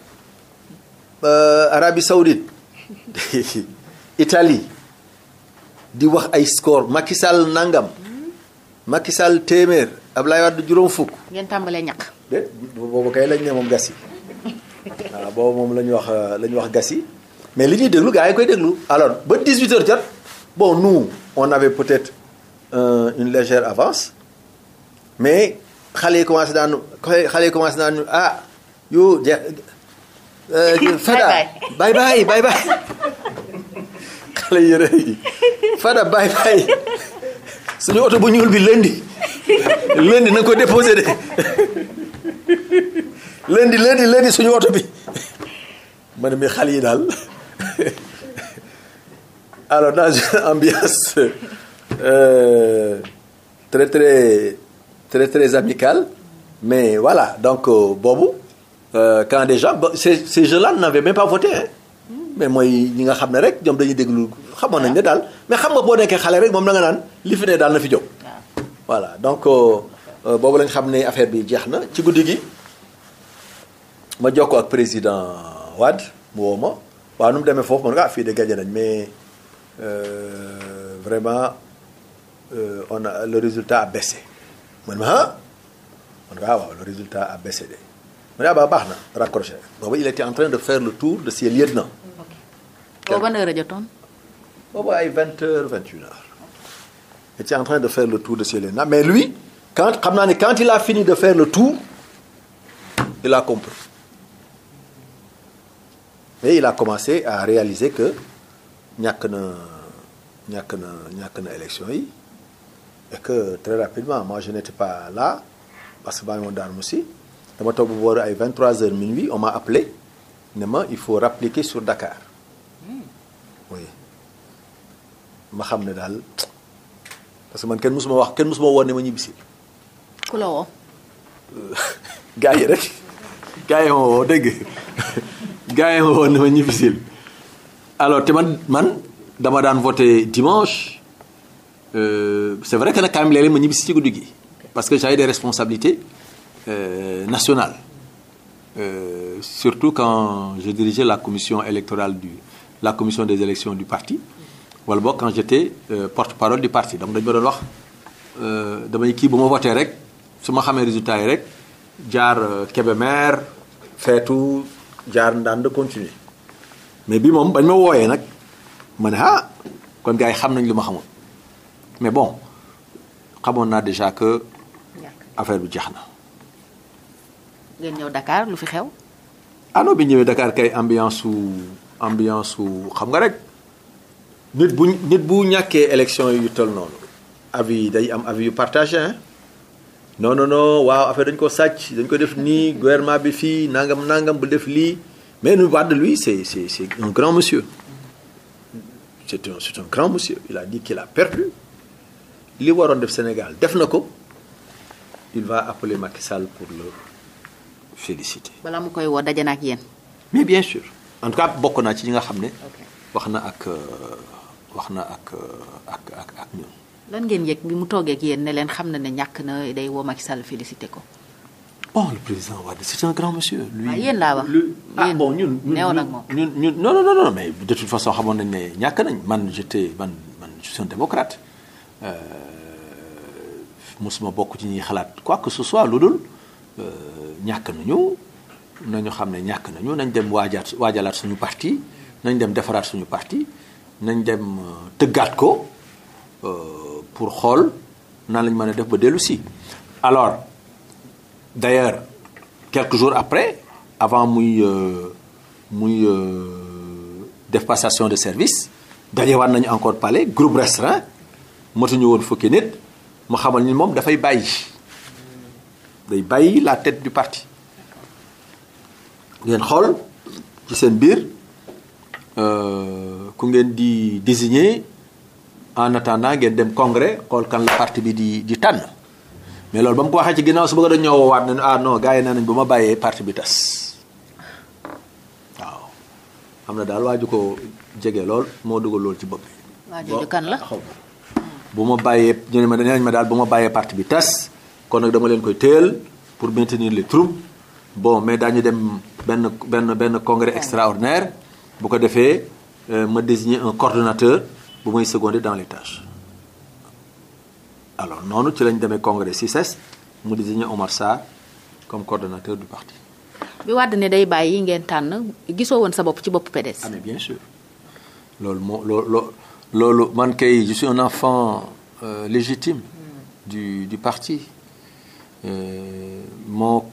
euh, Arabie Saoudite Italie di wax ay score Macky Sall nangam Macky Sall téeméer Ablaye Wade juróom fukk. ngeen tàmbalee ñàkk. de boobu kay lañ ne moom gas yi waaw boobu moom la ñu wax euh, la ñu wax gas yi mais li ñuy déglu gars yi koy déglu. alors ba 18 heures jot bon nous on avait peut-être euh, une légère avance mais xale yi commencé nañu xale yi commencé nañu ah yow. Euh, fada bye bye bye bye. xale yére yi Fada bàyyi bàyyi suñu oto bu ñuul bi lundi lundi na ko déposé de lundi lundi lundi suñu oto bi ma ne mais xale yi daal alors dans une ambiance euh, très très très très amicale mais voilà donc euh, boobu euh, quand des gens ces ces gens-là n'avaient même pas voté hein. mais mooy ñi nga xam ne rek ñoom dañuy déglu xamoon nañ ne daal mais xam nga boo nekkee xale rek moom la nga naan li fi ne daal na fi jóg voilà donc euh, euh, boobu lañ xam ne affaire bi jeex na ci guddi gi ma jokkoo ak président Wade mu woo ma waaw nu mu demee foofu man nga ah fii de gagné nañ mais euh, vraiment on a le résultat a baissé man ma ah man nga ah waaw le résultat a baissé de ma ne ah baax na raccroché boobu il était en train de faire le tour de ses lieutenants boobu ban heure a jotoon. boobu ay vingt heures vingt en train de fair le tour de Célena mais lui quand xam naa ne quand il a fini de faire le tour il a compris et il a commencé à réaliser que ñàkk na ñàkk na ñàkk na élection yi et que très rapidement moi je n'étais pas là parce que maa ngi woon Darou Moussi dama toog bu booru ay 23h minuit on m'a appelé ne ma il faut rappliquer sur Dakar. oui ma xam ne daal parce que man kenn mësuma wax kenn mësuma wone ma ñibbisi. ku la woo. gaa yi rek gaa yi ma woo dégg gaa yi ma woo ne ma ñibbisi alors te man man dama daan voté dimanche euh, c'est vrai que nag quand même léeg-léeg ma ñibbisi ci guddi gi parce que j'avais des responsabilités euh, nationales. Euh, surtout quand je dirigeais la commission électorale du la commission des élections du parti wala boog quand j'étais euh, porte-parole du parti donc dañ ma doon wax euh, damay kii bu ma votee rek su ma xamee résultat yi rek jaar euh, Kébémer feetu jaar ndand continuer mais bi moom bañ ma wooyee nag ma ne ah kon gars yi xam nañ li ma xamul mais bon xamoon naa déjà que affaire bi jeex na. ngeen ñëw Dakar lu fi xew. ah bi ñëwee Dakar kay ambiance su. ambiance su xam nga rek nit bu nit bu ñàkkee élection yu tol noonu avis yi day am avis yu partagé no no non non waaw affaire dañ ko sàcc dañ ko def nii gouvernement bi fii nangam nangam bu def lii mais nu Wade lui c'est c'est c'est un grand monsieur c'est un grand monsieur il a dit qu'il a perdu li waroon def Sénégal def na ko il va appeler Macky pour le féliciter. balaa mu koy woo daje na ak mais bien sûr. en tout cas bokk naa ci ñi nga xam ne. wax na ak euh, wax na ak euh, ak ak ak ñoom. ngeen yëg bi mu toogee ak yéen ne leen xam na ne ñàkk na day woo Macky Sall félicité ko. bon oh, le président Wade c'est un grand monsieur. lui waaw laa wax ah bon ñun. newoon ak moom ñun ñun non non mais de toute façon xamoon nañ ne ñàkk nañ man j'étais man man je suis un démocrate. Euh, mosuma bokk ci ñuy xalaat quoi que ce soit lu dul ñàkk nañu. nañu xam ne ñàkk nañu nañ dem waajaat waajalaat suñu parti nañ dem defaraat suñu parti nañ dem euh, tëggaat ko euh, pour xool nan lañ mën a def ba dellu si alors d'ailleurs quelques jours après avant muy euh, muy def passation de service dajewaat nañu encore palais groupe restreint matuñu woon fukki nit mu xamal ni moom dafay bàyyi day bàyyi la tête du parti ngeen xool ci seen biir euh, ku ngeen di désigner en attendant ngeen dem congrès xool kan la parti bi di di tànn mais loolu ba mu ko waxee ci ginnaaw su bëgg da ñoo woowaat ne ah non gars yi nañ bu ma bàyyee parti bi tas waaw am na daal waaju ko jege lool moo dugal loolu ci bopp bi. waaju kan bu ma bàyyee ñu ma nee nañ ma daal bu ma bàyyee parti bi tas kon nag dama leen koy téel pour maintenir les troupes bon mais daañu dem. benn benn benn congrès extraordinaire bu ko defee euh, ma désigner un coordinateur bu may seconder dans les tâches alors noonu ci lañ demee congrès CICES mu désigner Omar Sarr comme coordonnateur du parti. bi wàdd ne day bàyyi ngeen tànn gisoo woon sa bopp ci bopp PDS. ah mais bien sûr loolu moo loolu man kay je suis un enfant euh, légitime. Hmm. du du parti. Euh, moo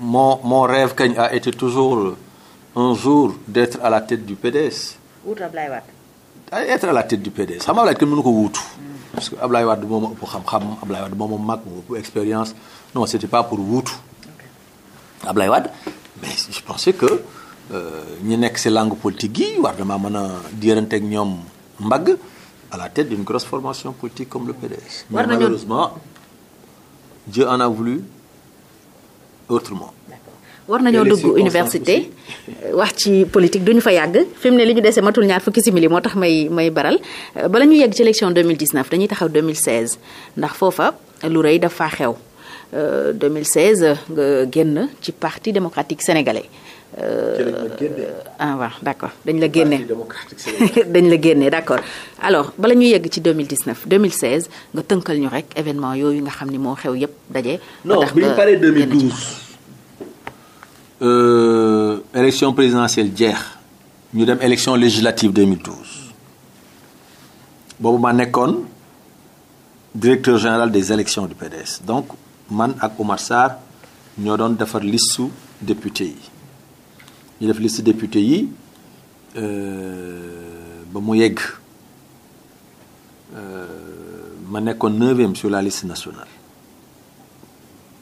mon, mon rêve kañ a été toujours un jour d'être à la tête du PDS. wuutu Ablaye Wade. du PDS xam nga Ablaye kenn mënu ko wuutu. parce que Ablaye Wade moo ma ëpp xam moo ma mag moo ëpp expérience non c'était pas pour wuutu. ok Ablaye mais je pensais que euh, ñi nekk si langue politique yi war ma mën a diiranteeg ñoom mbagg à la tête d'une grosse formation politique comme le PDS. malheureusement Dieu en a voulu. autrement. war nañoo dugg université wax ci politique duñu fa yàgg fi ne li ñu dese matul ñaar fukki simili moo tax may may baral euh, bala ñu yegg ci élection 2019 dañuy taxaw 2016 ndax foofa lu rey dafa faa xew 2016 euh, nga génn ci parti démocratique sénégalais. Euh, ah waaw d' accord dañ la génne dañ la génne d' accord alors bala ñu yegg ci 2019 2016 nga tënkal ñu rek événement yooyu nga xam ni moo xew yépp daje. non bi ñu paree 2012. Euh, élection présidentielle jeex ñu dem élection législative 2012 boobu ma nekkoon directeur général des élections du PDS donc man ak Omar Sarr ñoo doon defar listu député yi. ñu def liste député yi euh, ba mu yegg euh, ma nekkoon neuvième sur la liste nationale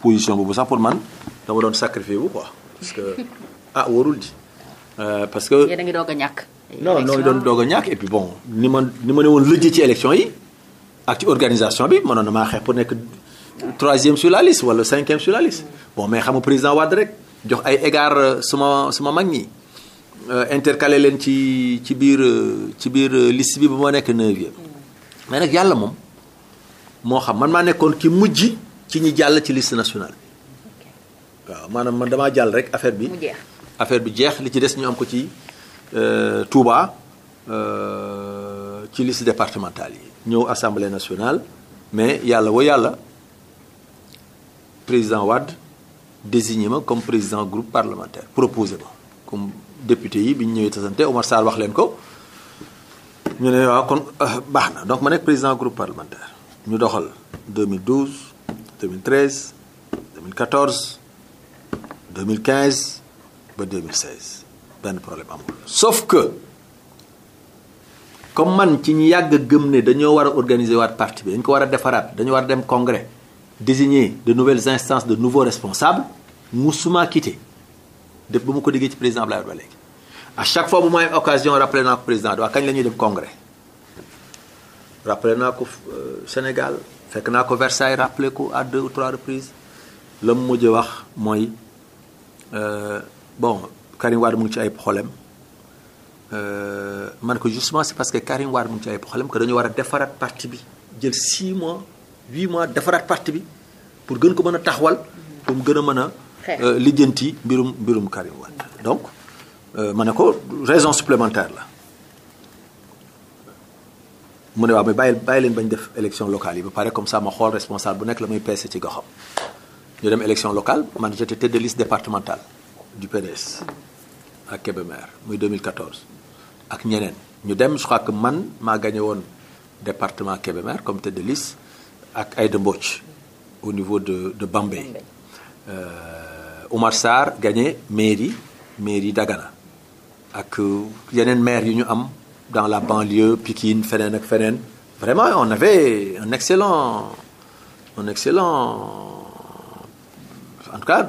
position boobu sax pour man dama doon sacrifié bu quoi parce que ah warul di euh, parce que. yéen ngi doog a ñàkk. non doon doog a ñàkk et puis ni ma ni ma ne woon lëjj ci élection yi ak ci organisation bi mënoon na maa xeex pour nekk troisième sur la liste wala cinquième sur la liste bon mais xam nga président Wade rek. jox ay égard euh, suma suma mag ñi euh, intercalé leen ci ci biir euh, ci biir list bi ba ma nekk neuvième mais nag yàlla moom moo xam man maa nekkoon ki mujj ci ñu jàll ci liste nationale bi waaw maanaam man damaa jàll rek affaire bi affaire bi jeex li ci des ñu am ko ci Touba ci liste départementale yi ñëw assemblée nationale mais yàlla wa yàlla président Wade désigné ma comme président groupe parlementaire proposé ma comme député yi bi ñu ñëwee tasante Omar Sarr wax leen ko ñu ne waaw kon euh, baax na donc ma nekk président groupe parlementaire ñu doxal 2012 deux mille 2015 ba 2016 benn problème amul sauf que comme man ci ñu yàgg gëm ne dañoo war a organiser waat parti bi dañ ko war a defaraat dañu war a dem congrès désigner de nouvelles instances de nouveaux responsables musuma quitté def bu mu ko déggee ci président Abdoulaye Wade ba léegi à chaque fois bu ma am occasion rappelé naa ko président waa kañ la ñuy congrès rappelé naa ko euh, Sénégal fekk naa ko Versailles rappelé ko à deux ou trois reprises la mu mujj wax mooy euh, bon Karim Wade mu ngi ci ay problème euh, man ko justement c'est parce que Karim Wade mu ngi ci ay problème que dañu war a defaraat parti bi jël six mois huit mois defaraat parti bi pour gën ko mën a taxawal. pour mu gën a mën a. Euh, lijjanti mbirum mbirum Karim Wade donc euh, ma ne ko raison supplémentaire la mu ne waaw mais bàyyi bàyyi leen bañ def élection locale yi ba pare comme ça ma xool responsable bu nekk la muy peese ci goxam ñu dem élection locale man j'étais tête de liste départementale du PDS ak Kébémer muy ak ñeneen ñu dem je crois que man maa gagné woon département Kébémer comme tête de liste. ak Aïda Mbodj au niveau de de Bambey. Euh, Oumar Sarr gagné mairie mairie Dagana ak euh, yeneen maire yu ñu am dans la banlieue Pikine feneen ak feneen. vraiment on avait un excellent un excellent en tout cas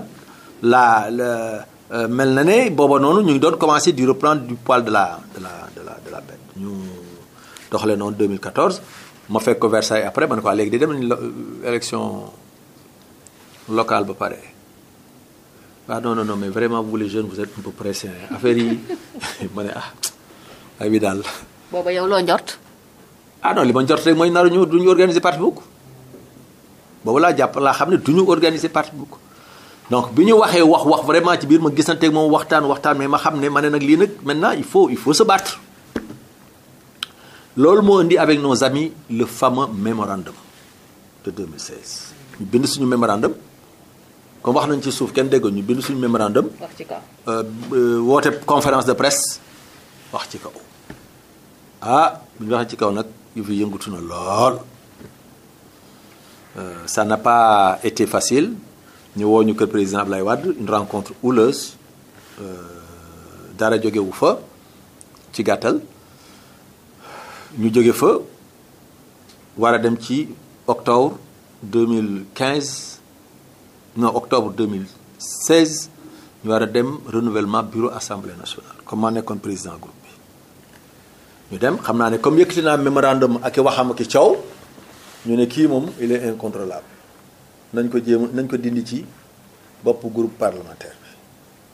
la la euh, mel na ne booba noonu ñu ngi doon commencé di reprendre du poil de la de la la de la bête ñu doxale noonu ma fekk ko Versailles après ma ne ko ah, léegi di dem nañu élection locale ba pare ah non non non mais vraiment vous les jeunes vous êtes un peu pressés affaire yi ma ne ah ay bi daal. booba yow loo njort. ah non li ma njort rek mooy naru ñu du ñu organiser parti boobu boobu laa jàpp laa xam ne du ñu organiser parti boobu donc bi ñu waxee wax wax vraiment ci biir ma gisanteeg moom waxtaan waxtaan mais ma xam ne ma ne nag lii nag maintenant il faut il faut se battre. loolu moo indi avec nos amis le fameux mémorandum de 2016 ñu bind suñu mémorandum comme wax nañ ci suuf kenn déggoon ñu bind suñu mémorandum euh, euh, woote conférence de presse wax ci kaw ah bu ñu waxee ci kaw nag yu fi yëngatu na lool euh, ça n'a pas été facile ñëwoo ñu kër président Ablaye Wade une rencontre houleuse dara jógewu fa ci gàttal ñu jóge fa war a dem ci octobre mille quinze non octobre 2016 ñu war a dem renouvellement bureau assemblée nationale comme maa nekkoon président groupe bi ñu dem xam naa ne comme yëkkati naa mémorandum ak i waxam ak i coow ñu ne kii moom il est incontrôlable nañ ko jéem nañ ko dindi ci boppu groupe parlementaire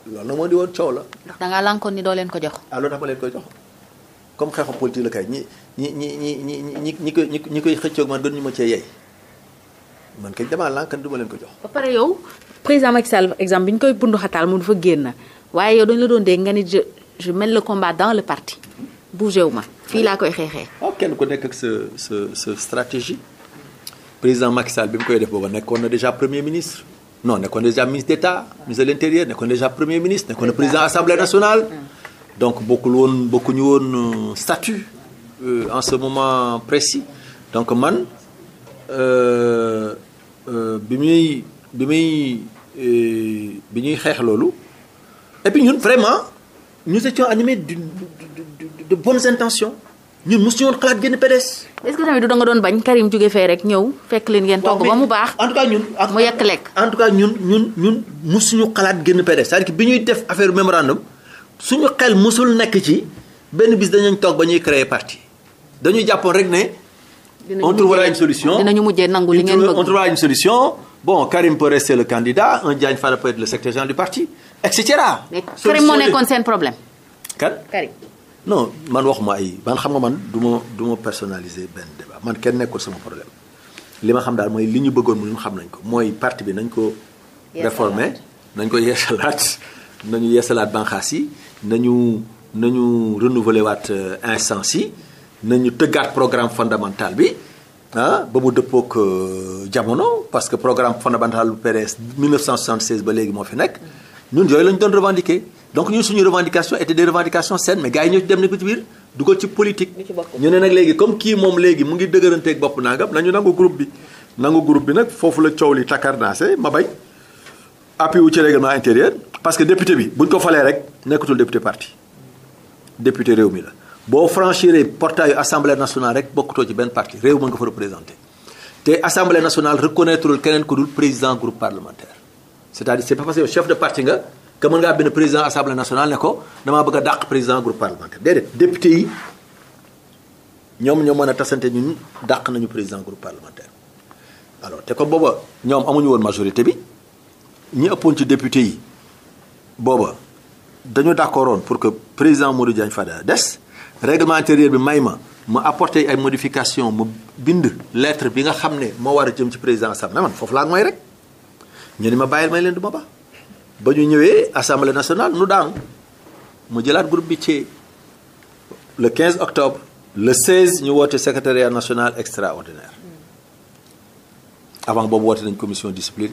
bi loolu na moo di woon coow la. ndax da ngaa lànkoon ni doo leen ko jox. ah loolu tax ma jox. comme xeexu politique la kay ñi ñi ñi ñi ñi ñi koy ñi koy xëccoog man doon ñu ma cee yey man kañ damaa lànkan du ma leen ko jox. ba pare yow président Macky Sall exemple bi ñu koy bundu xataal mu dafa génn waaye yow dañu la doon dégg nga ni je je mène le combat dans le parti bougé wu fii laa koy xeexee. waaw oh, kenn ku nekk ak sa sa sa stratégie président Macky bi mu koy def booba nekkoon na déjà premier ministre. non nekkoon déjà ministre d' ministre de l' déjà premier ministre nekkoon na président assemblée nationale. Ah. donc bokkul woon bokkuñu woon euh, statut euh, en ce moment précis donc man euh, bi muy bi muy bi ñuy xeex loolu et ñun vraiment nous étions animés de de bonnes intentions ñun mosu ñu woon xalaat génn PDS. est-ce que tamit du da nga doon bañ Karim jóge fee rek ñëw fekk leen ngeen togg ba mu baax. en tout cas ñun mu yekk lekk. en tout cas ñun ñun ñun mosu suñu xalaat génn PDS c'est-à-dire bi ñuy def affaire mémorandum suñu xel musul nekk ci benn bis dañu toog ba ñuy créer parti dañuy jàppoon rek ne. on trouvera une solution dinañu mujjee nangu li ngeen bëgg on trouvera une solution bon Karim peut rester le candidat un Diagne Fada peut être le secrétaire général du parti et cetera. Karim moo nekkoon seen problème. kan Karim. non man waxuma ay man xam nga man du ma du ma personnaliser benn débat man kenn nekkul sama problème li ma xam daal mooy li ñu bëggoon mu ñun xam nañ ko mooy parti bi nañ ko. réformer nañ ko yeesalaat nañu yeesalaat banqaas yi. nañu nañu renouveler waat euh, instance yi nañu tëggaat programme fondamental bi ah ba mu dëppook euh, jamono parce que programme fondamental bu PDS 1976 ba léegi moo fi nekk ñun yooyu la ñu doon revendiquer donc ñu suñu revendication était des revendications saines mais gars yi ñoo dem na ko ci biir dugal ci politique. ñu ne nag léegi comme kii moom léegi mu ngi dëgëranteeg bopp nangam nañu nangu groupe bi nangu groupe bi nag foofu la coow li takkarnaase ma bañ. appui wu ci règlement intérieur parce que député bi bu ñu ko falee rek nekkatul député parti député réew mi la boo franchiree portail assemblée nationale rek bokkutoo ci benn parti réew ma nga fa représenté te assemblée nationale reconnaître keneen ko dul président groupe parlementaire c'est-à-dire c'est pas parce que chef de parti nga que mën ngaa benn président assemblée nationale ne ko damaa bëgg a dàq président groupe parlementaire déedéet député yi ñoom ñoo mën a tasante ñun dàq nañu président groupe parlementaire alors te ko booba ñoom amuñu woon majorité bi ñu ëppoon ci député yi booba dañu d'accordoon pour que président Modou Diagne Fada des règlement intérieur bi may ma ma apporter ay modification ma bind lettre bi nga xam ne moo war a jëm ci président assemblée man foofu laa mooy rek ñu ni ma bàyyil may leen du ma ba ba ñu ñëwee assemblée national nu daanu mu jëlaat groupe bi ci le 15 octobre le 16 ñu woote secrétariat national extraordinaire avant boobu woote nañ commission discipline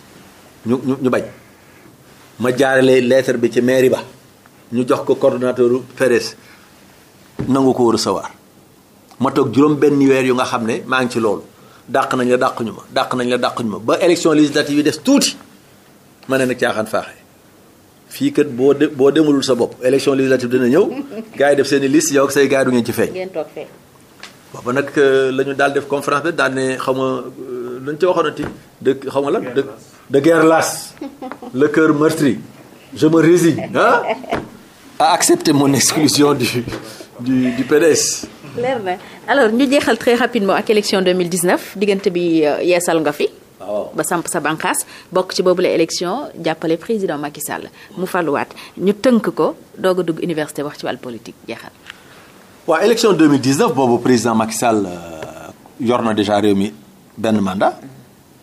ñu ñu ñu bañ ma jaarale lettre bi ci mairie ba ñu jox ko coordonnateur Pérez nangu ko recevoir ma toog juróom benn weer yu nga xam ne maa ngi ci loolu dàq nañ la dàq ñu ma dàq nañ la dàq ñu ma ba élection législative yi des tuuti ma ne nag caaxaan faaxe fii boo de boo demulul sa bopp élection législative dina ñëw gars yi def seen i yow ak say du ngeen ci feeñ. ngeen toog nag euh, la daal def conférence bi xaw ma euh, lu ñu ci waxoonati dëkk xaw ma lan dëkk. de guerre lasse, le cœur meurtri, je me résigne hein, à accepter mon exclusion du du du PDS. leer na alors ñu jeexal très rapidement ak élection diggante bi euh, yeesal nga fi. ba samp sa bànqaas bokk ci boobu la élection jàppale président Macky Sall mu faluwaat ñu tënk ko doog a dugg université wax ci wàllu politique jeexal. waa élection boobu président Macky Sall euh, yor na déjà réew mi benn mandat.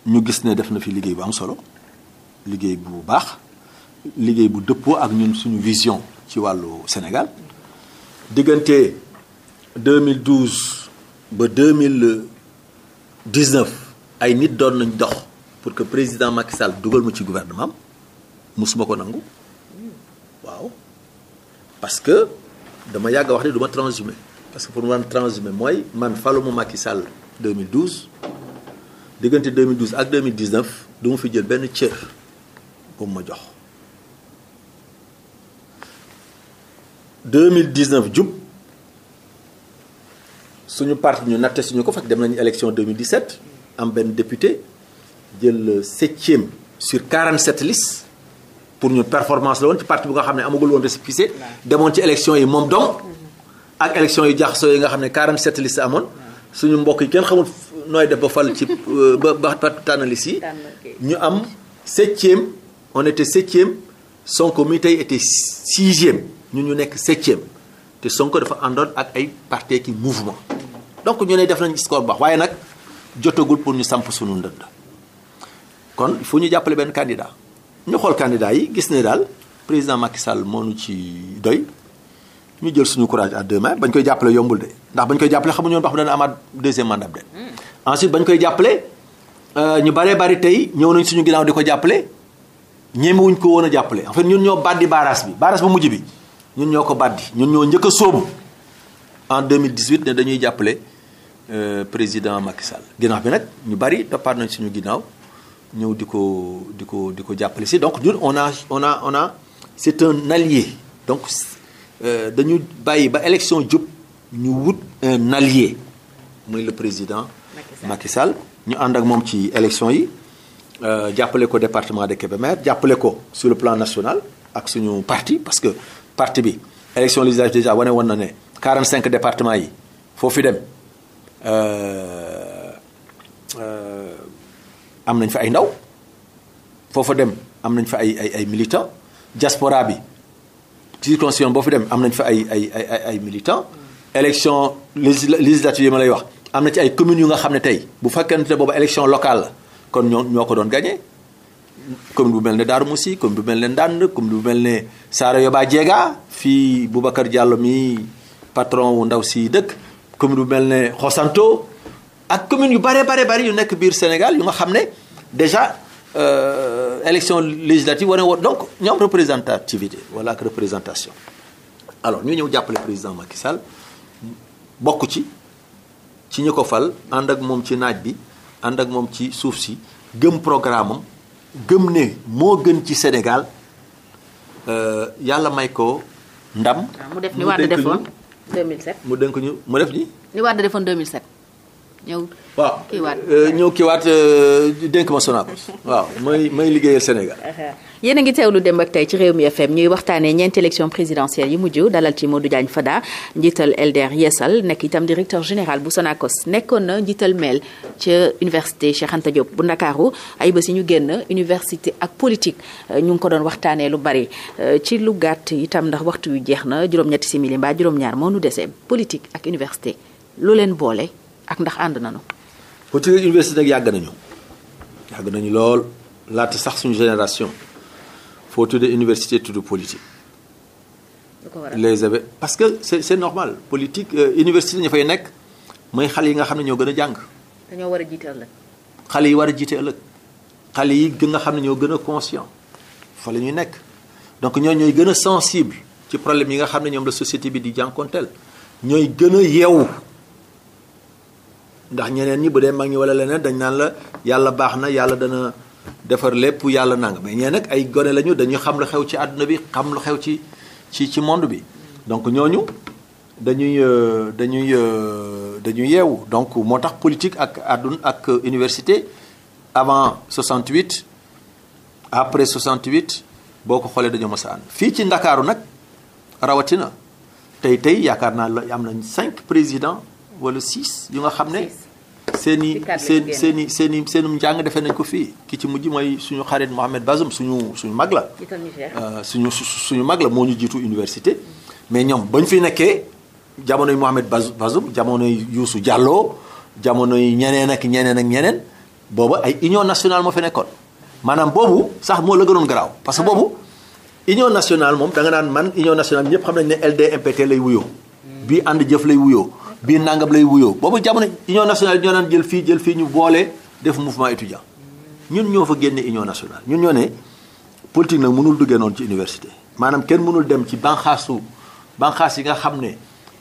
ñu gis ne def na fi liggéey bu am solo liggéey bu baax liggéey bu dëppoo ak ñun suñu vision ci wàllu Sénégal diggante 2012 ba 2019 ay nit doon nañ dox pour que président Macky Sall dugal ma ci gouvernement am musuma ko nangu waaw parce que dama yàgg wax ne du ma transhumé parce que pour man transhumé mooy man falu mu Macky Sall 2012. diggante 2012 ak 2019 du ma fi jël benn cër bu ma jox 2019 jub suñu parti ñu natte suñu ko fekk dem nañu élection 2017 am benn député jël septième sur 47 listes pour ñu performance la woon ci parti bu nga xam ne amagul woon récépissé demoon ci élection yi moom dong ak élection yu jaxasoo yi nga xam ne 47 listes amoon suñu mbokk yi kenn xamul. nooy def ba fal ci euh, ba ba tànnali si ñu am septième on était septième Sonko mi tey était sixième ñun ñu nekk septième te Sonko dafa àndoon ak ay parti ki mouvement donc ñu ne def nañ score baax waaye nag jotagul pour ñu samp suñu ndënd kon il ñu jàppale benn candidat ñu xool candidat yi gis ne daal président Macky Sall moo nu ci doy ñu jël suñu courage à deux bañ koy jàppale yombul de ndax bañ koy jàppale xamuñu woon ba xam dana amaat deuxième mandat ensuite bañ koy jàppale euh, ñu baree bari tey ñëw nañ suñu ginnaaw di ko jàppale ñemewuñ ko woon a jàppale en fait ñun ñoo bàddi baaraas bi baaraas bu mujj bi ñun ñoo ko bàddi ñun ñoo njëkk a sóobu en 2018 ne dañuy jàppale euh, président Macky Sall ginnaaw bi nag ñu bari toppaat nañ suñu ginnaaw ñëw di ko di ko di ko jàppale si donc ñun on a on a on a c'est un allié donc euh, dañu bàyyi ba élection jub ñu wut un allié muy le président Macky Sall ñu ànd ak moom ci élection yi euh, jàppale ko département de Kébémer jàppale ko sur le plan national ak suñu parti parce que parti bi élection législative déjà wane woon na ne cinq département yi foofu dem euh, euh, am nañ fa ay ndaw foofa dem am nañ fa ay ay ay militants diaspora bi ci circonscription boo fi dem am nañ fa ay ay ay ay militants élection législative yi ma lay wax. am na ci ay communes yu nga xam ne tey bu fekkente ne booba élection locale kon ñoo ñoo ko doon gagné commune bu mel ne Darou Moussi commune bu mel ne Ndande commune bu mel ne Saara Yoba Diega fii Boubacar Diallo mi patron wu ndaw si dëkk commune bu mel ne Xosanto ak commune yu bare bare bari yu nekk biir Sénégal yu nga xam ne déjà euh, élection législative wane woon donc ñoom représentativité walla ak représentation alors ñu ñëw jàppale président Macky bokk ci ci ñu ko fal ànd ak moom ci naaj bi ànd ak moom ci suuf si gëm programme am gëm ne moo gën ci Sénégal euh, yàlla may ko ndam. mu def ni Wade defoon 2007 mu dënk ñu mu def ni. ni Wade defoon waaw euh, ñëw kiiwaat euh, dénk ma Sonacos waaw may may liggéeyal Sénégal. yéen a ngi teewlu dem ak tey ci réew mi FM ñuy waxtaanee ñeenti élection présidentielle yi mujj dalal ci Modou Diagne Fada njiital LDR Yeesal nekk itam directeur général bu sonakos nekkoon na njiital mel ca université Cheikh Anta Diop bu Ndakaaru ay bés ñu génn université ak politique euh, ñu ngi ko doon waxtaanee lu bari ci lu gàtt itam ndax waxtu yu jeex na juróom-ñetti simili mbaa juróom-ñaar moo nu dese politique ak université lu leen boole ak ndax ànd nañu. politique université nag yàgg nañu yàgg nañu lool laata sax suñu génération foo tudde université tudd politique. les avait parce que c'est c'est normal politique euh, université ñu fay nekk mooy xale yi nga xam ne ñoo gën a jàng. war a jiite xale yi war a jiite ëllëg xale yi gën nga xam ne ñoo gën a conscient fa la ñuy nekk donc ñoo ñooy gën a sensible ci problème yi nga xam ne ñoom la société bi di jànkonteel ñooy gën a yeewu. ndax ñeneen ñi bu dee mag ñi wala leneen dañ naan la yàlla baax na yàlla dana defar lépp yàlla nang mais ñee nag ay gone lañu dañuy xam lu xew ci àdduna bi xam lu xew ci ci ci monde bi donc ñooñu dañuy euh, dañuy euh, dañuy yeewu donc moo tax politique ak àdduna ak université avant 68 après 68 boo ko xoolee dañoo mës fii ci ndakaaru nag rawatina tey tey yaakaar naa am nañ cinq présidents wala six yu nga xam ne seen i seen seen i seen njàng defee nañ ko fii ki ci mujj mooy suñu xarit Mohamed Bazoum suñu suñu mag la euh, suñu suñu mag la moo ñu jiitu université mais ñoom bañ fi nekkee jamonoy Mohamed Bazoum jamonoy Youssou Diallo jamonoy ñeneen ak ñeneen ak ñeneen booba ay union national moo fi nekkoon maanaam boobu sax moo la gënoon garaaw parce que ah. boobu union national moom da nga naan man union nationale ñëpp xam nañ ne LDMPT lay wuyoo hmm. bii ànd jëf lay wuyoo bii nangam lay wuyoo boobu jamono union nationale ñoo naan jël fii jël fii ñu boole def mouvement étudiant ñun ñoo fa génne union nationale ñun ñoo ne politique nag mënul duggee noonu ci université maanaam kenn mënul dem ci banxaasu banxaas yi nga xam ne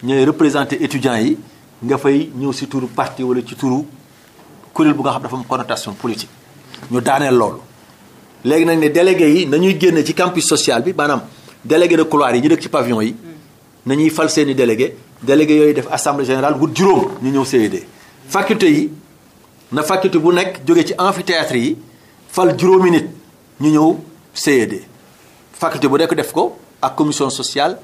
ñooy représenté étudiants yi nga fay ñëw si turu parti wala ci turu kuréel bu nga xam dafa am connotation politique ñu daaneel loolu léegi nag ne délégué yi nañuy génne ci campus social bi maanaam délégué de couloir yi ci pavillon yi nañuy fal seeni délégué délégué yooyu def assemblée générale wut juróom ñu ñëw CED. faculté yi na faculté bu nekk jóge ci amphithéâtre yi fal juróomi nit ñu ñëw CED faculté bu nekk def ko ak commission sociale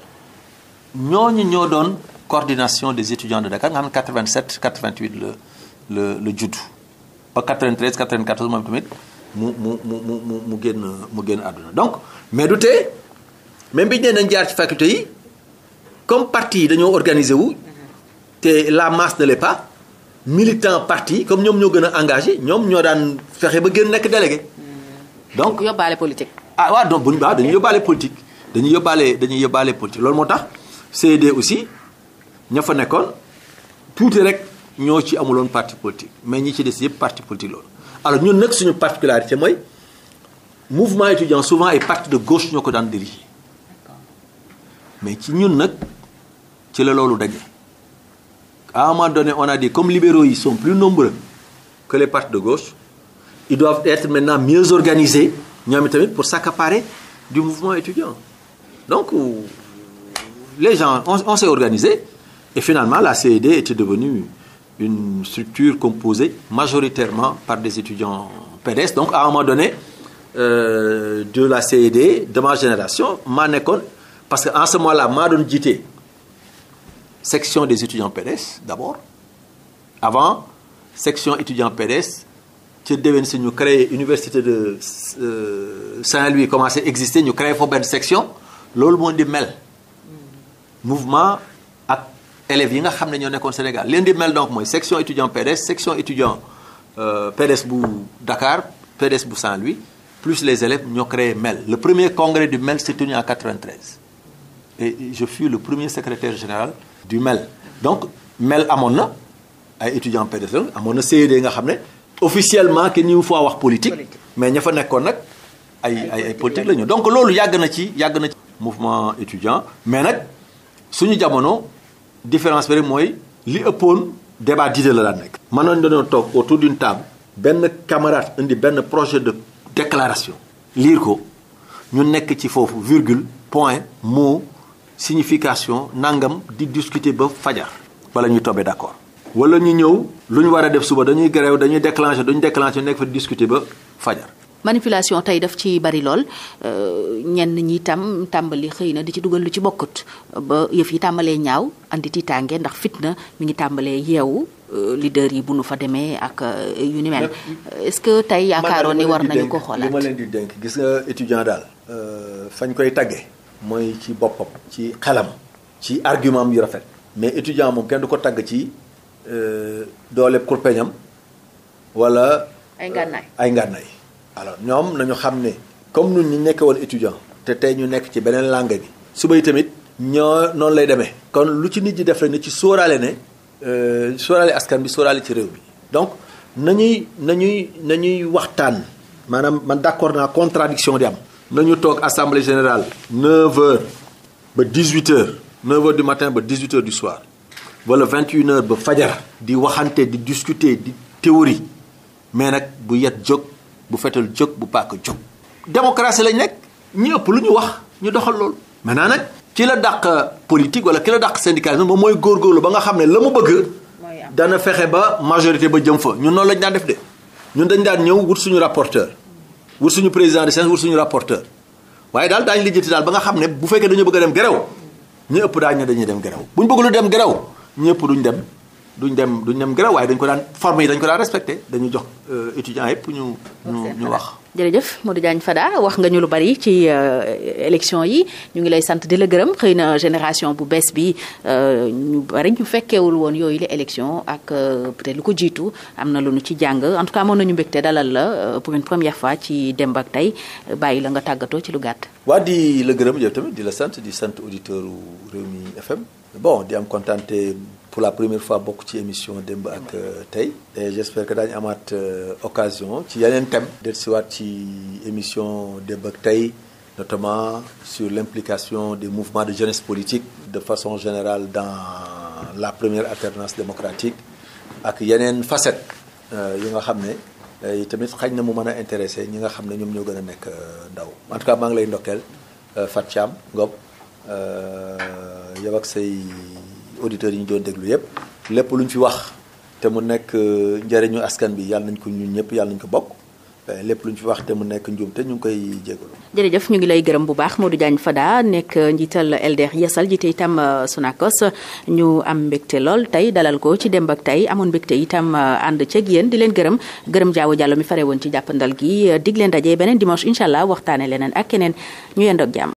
ñoo ñu ñoo doon coordination des étudiants de Dakar nga xam ne 87 88 la la la judd ba 93 94 moom tamit mu mu mu mu mu génn mu génn àdduna donc mais du tee même bi ñu nañ jaar ci faculté yi. comme parti yi dañoo organiser wu te la masse de l'est pas militant parti comme ñoom ñoo gën a engagé ñoom ñoo daan fexe ba gën nekk délégué. donc yóbbaale politique. ah waaw donc bu ñu baax dañu yóbbaale politique dañuy yóbbaale dañuy yóbbaale politique loolu moo tax CED aussi ña fa nekkoon tuuti rek ñoo ci amuloon parti politique mais ñi ci des yëpp parti politique loolu. alors ñun nag suñu particularité mooy mouvement étudiant souvent ay parti de gauche ñoo ko daan diriger mais ci ñun nag. ci la loolu daje à moment donné on a dit comme libéraux yi sont plus nombreux que les partis de gauche ils doivent être maintenant mieux organisés ñoom tamit pour s'accaparer du mouvement étudiant donc les gens on, on s'est organisé et finalement la CED était devenue une structure composée majoritairement par des étudiants PDS donc à un moment donné euh, de la CED de ma génération maa nekkoon parce que en ce moment-là maa doon jiite section des étudiants PDS d'abord avant section étudiants PDS ci déwén si ñu créé université de euh, Saint-Louis commencé exister ñu créé foofu benn section loolu moo di mel mouvement ak élèves yi nga xam ne ñoo nekkoon Sénégal leen di mel donc mooy section étudiant PDS section étudiant euh, PDS bu Dakar PDS bu Saint-Louis plus les élèves ñoo créé mail le premier congrès du MEL s'est tenu en 93 et je fus le premier secrétaire général du MEL donc mail amoon na ay étudiants PDS amoon na CED nga xam ne officiellement kenn ñu faa wax politique mais ña fa nekkoon nag ay ay ay politique la ñu donc loolu yàgg na ci yàgg na ci mouvement étudiant mais nag suñu jamono différence bi rek mooy li ëppoon débat d'idées la daan nekk mënoon dañoo toog autour d'une table benn camarade indi benn projet de déclaration liir ko ñu nekk ci foofu virgule point signification nangam di discuter ba fajar bala ñuy tomber d'accord wala ñu ñëw lu ñu war a def suba dañuy grève dañuy déclencher duñu déclencher nekk fa discuter ba fajar manipulation tey daf ci bari lool euh, ñenn ñi tam tàmbali xëy na di ci dugal lu ci bokkut ba yëf yi tàmbalee ñaaw andi tiitaange ndax fitna mu ngi tàmbalee yeewu euh, leader yi bu nu fa demee ak euh, yu ni mel est-ce que tey yaakaaroon ni war nañu ko xoolaat li ma leen di dénk gis nga étudiant daal fañ koy tàggee mooy ci boppam ci xelam ci argument yu rafet mais étudiant moom kenn du ko tagg ci euh, doole kurpeñam wala ay ngànnaay euh, ay ngànnaay alors ñoom nañu xam ne comme nun ñu nekk woon étudiant te tey ñu nekk ci beneen langue bi suba yi tamit ñoo noonu lay demee kon lu ci nit ñi def rek ci sóoraale ne euh, sóoraale askan bi sóoraale ci réew bi donc nañuy nañuy nañuy waxtaan maanaam man d'accord naa contradiction di am nañu toog assemblée générale 9h ba 18h 9h du matin ba 18h du soir wala 21h ba fajar di waxante di discuter di théorie mais nag bu yet jóg bu fetal jóg bu paaka jóg. démocratie lañ nekk ñi ëpp lu ñu wax ñu doxal loolu. maintenant nag ci la daq politique wala ki la dàq syndicalisme moom mooy góorgóorlu ba nga xam ne la mu bëgg. dana fexe ba majorité ba jëm fa ñu noonu lañ daan def de ñun dañ daan ñëw wut suñu rapporteur. wut suñu président de séance wut suñu rapporteur waaye daal daañu lijjanti daal ba nga xam ne bu fekkee dañu bëgg a dem gerew ñu ëpp daañu ne dañuy dem gerew bu ñu bëgg lu dem gerew ñëpp duñ dem duñ dem duñ dem gerew waaye dañ ko daan forme yi dañ ko daan respecté dañu jox euh, étudiants yëpp ñu ñu wax jërëjëf Modou Diagne Fada wax nga ñu lu bari ci euh, élection yi ñu ngi lay sant di la gërëm xëy na génération bu bees bi euh, ñu bari ñu fekkeewul woon yooyu la élection ak euh, peut lu ko jiitu am na lu ñu ci jàng en tout cas mën nañu mbégte dalal la pour une première fois ci Demb ak Tay bàyyi la nga tàggatoo ci lu gàtt. waa di la gërëm yow tamit di la sant di sant auditeur Rewmi FM bon di am kontaan pour la première fois bokk ci émission démb ak euh, tey et j'espère que daañu amaat euh, occasion ci yeneen thème dellusiwaat ci émission démb ak tey notamment sur l'implication des mouvements de jeunesse politique de façon générale dans la première alternance démocratique ak yeneen facette euh, yi nga xam ne tamit xañ na mu mën a intéressé ñi nga xam ne ñoom ñoo gën a nekk ndaw en tout cas maa ngi lay ndokkeel Fatou Thiam Ngom yow ak say auditeurs yi ñu doon déglu yëpp lépp lu ñu fi wax te mu nekk euh, njëriñu askan bi yàlla nañ ko ñun ñëpp yàlla nañ ko bokk eh, lépp lu ñu fi wax te mu nekk njuum te ñu ngi koy jégalu. jërëjëf ñu ngi lay gërëm bu baax Modou Diagne Fada nekk euh, njiital LDR Yeesal jiite itam euh, Sonacos ñu am mbégte lool tey dalal ko ci Demb ak tey amoon mbégte itam ànd ceeg yéen di leen gërëm gërëm jaawu jàllo mi fare woon ci jàppandal gi dig leen dajee beneen dimanche incha allah waxtaane leneen ak keneen ñu yendoog jàmm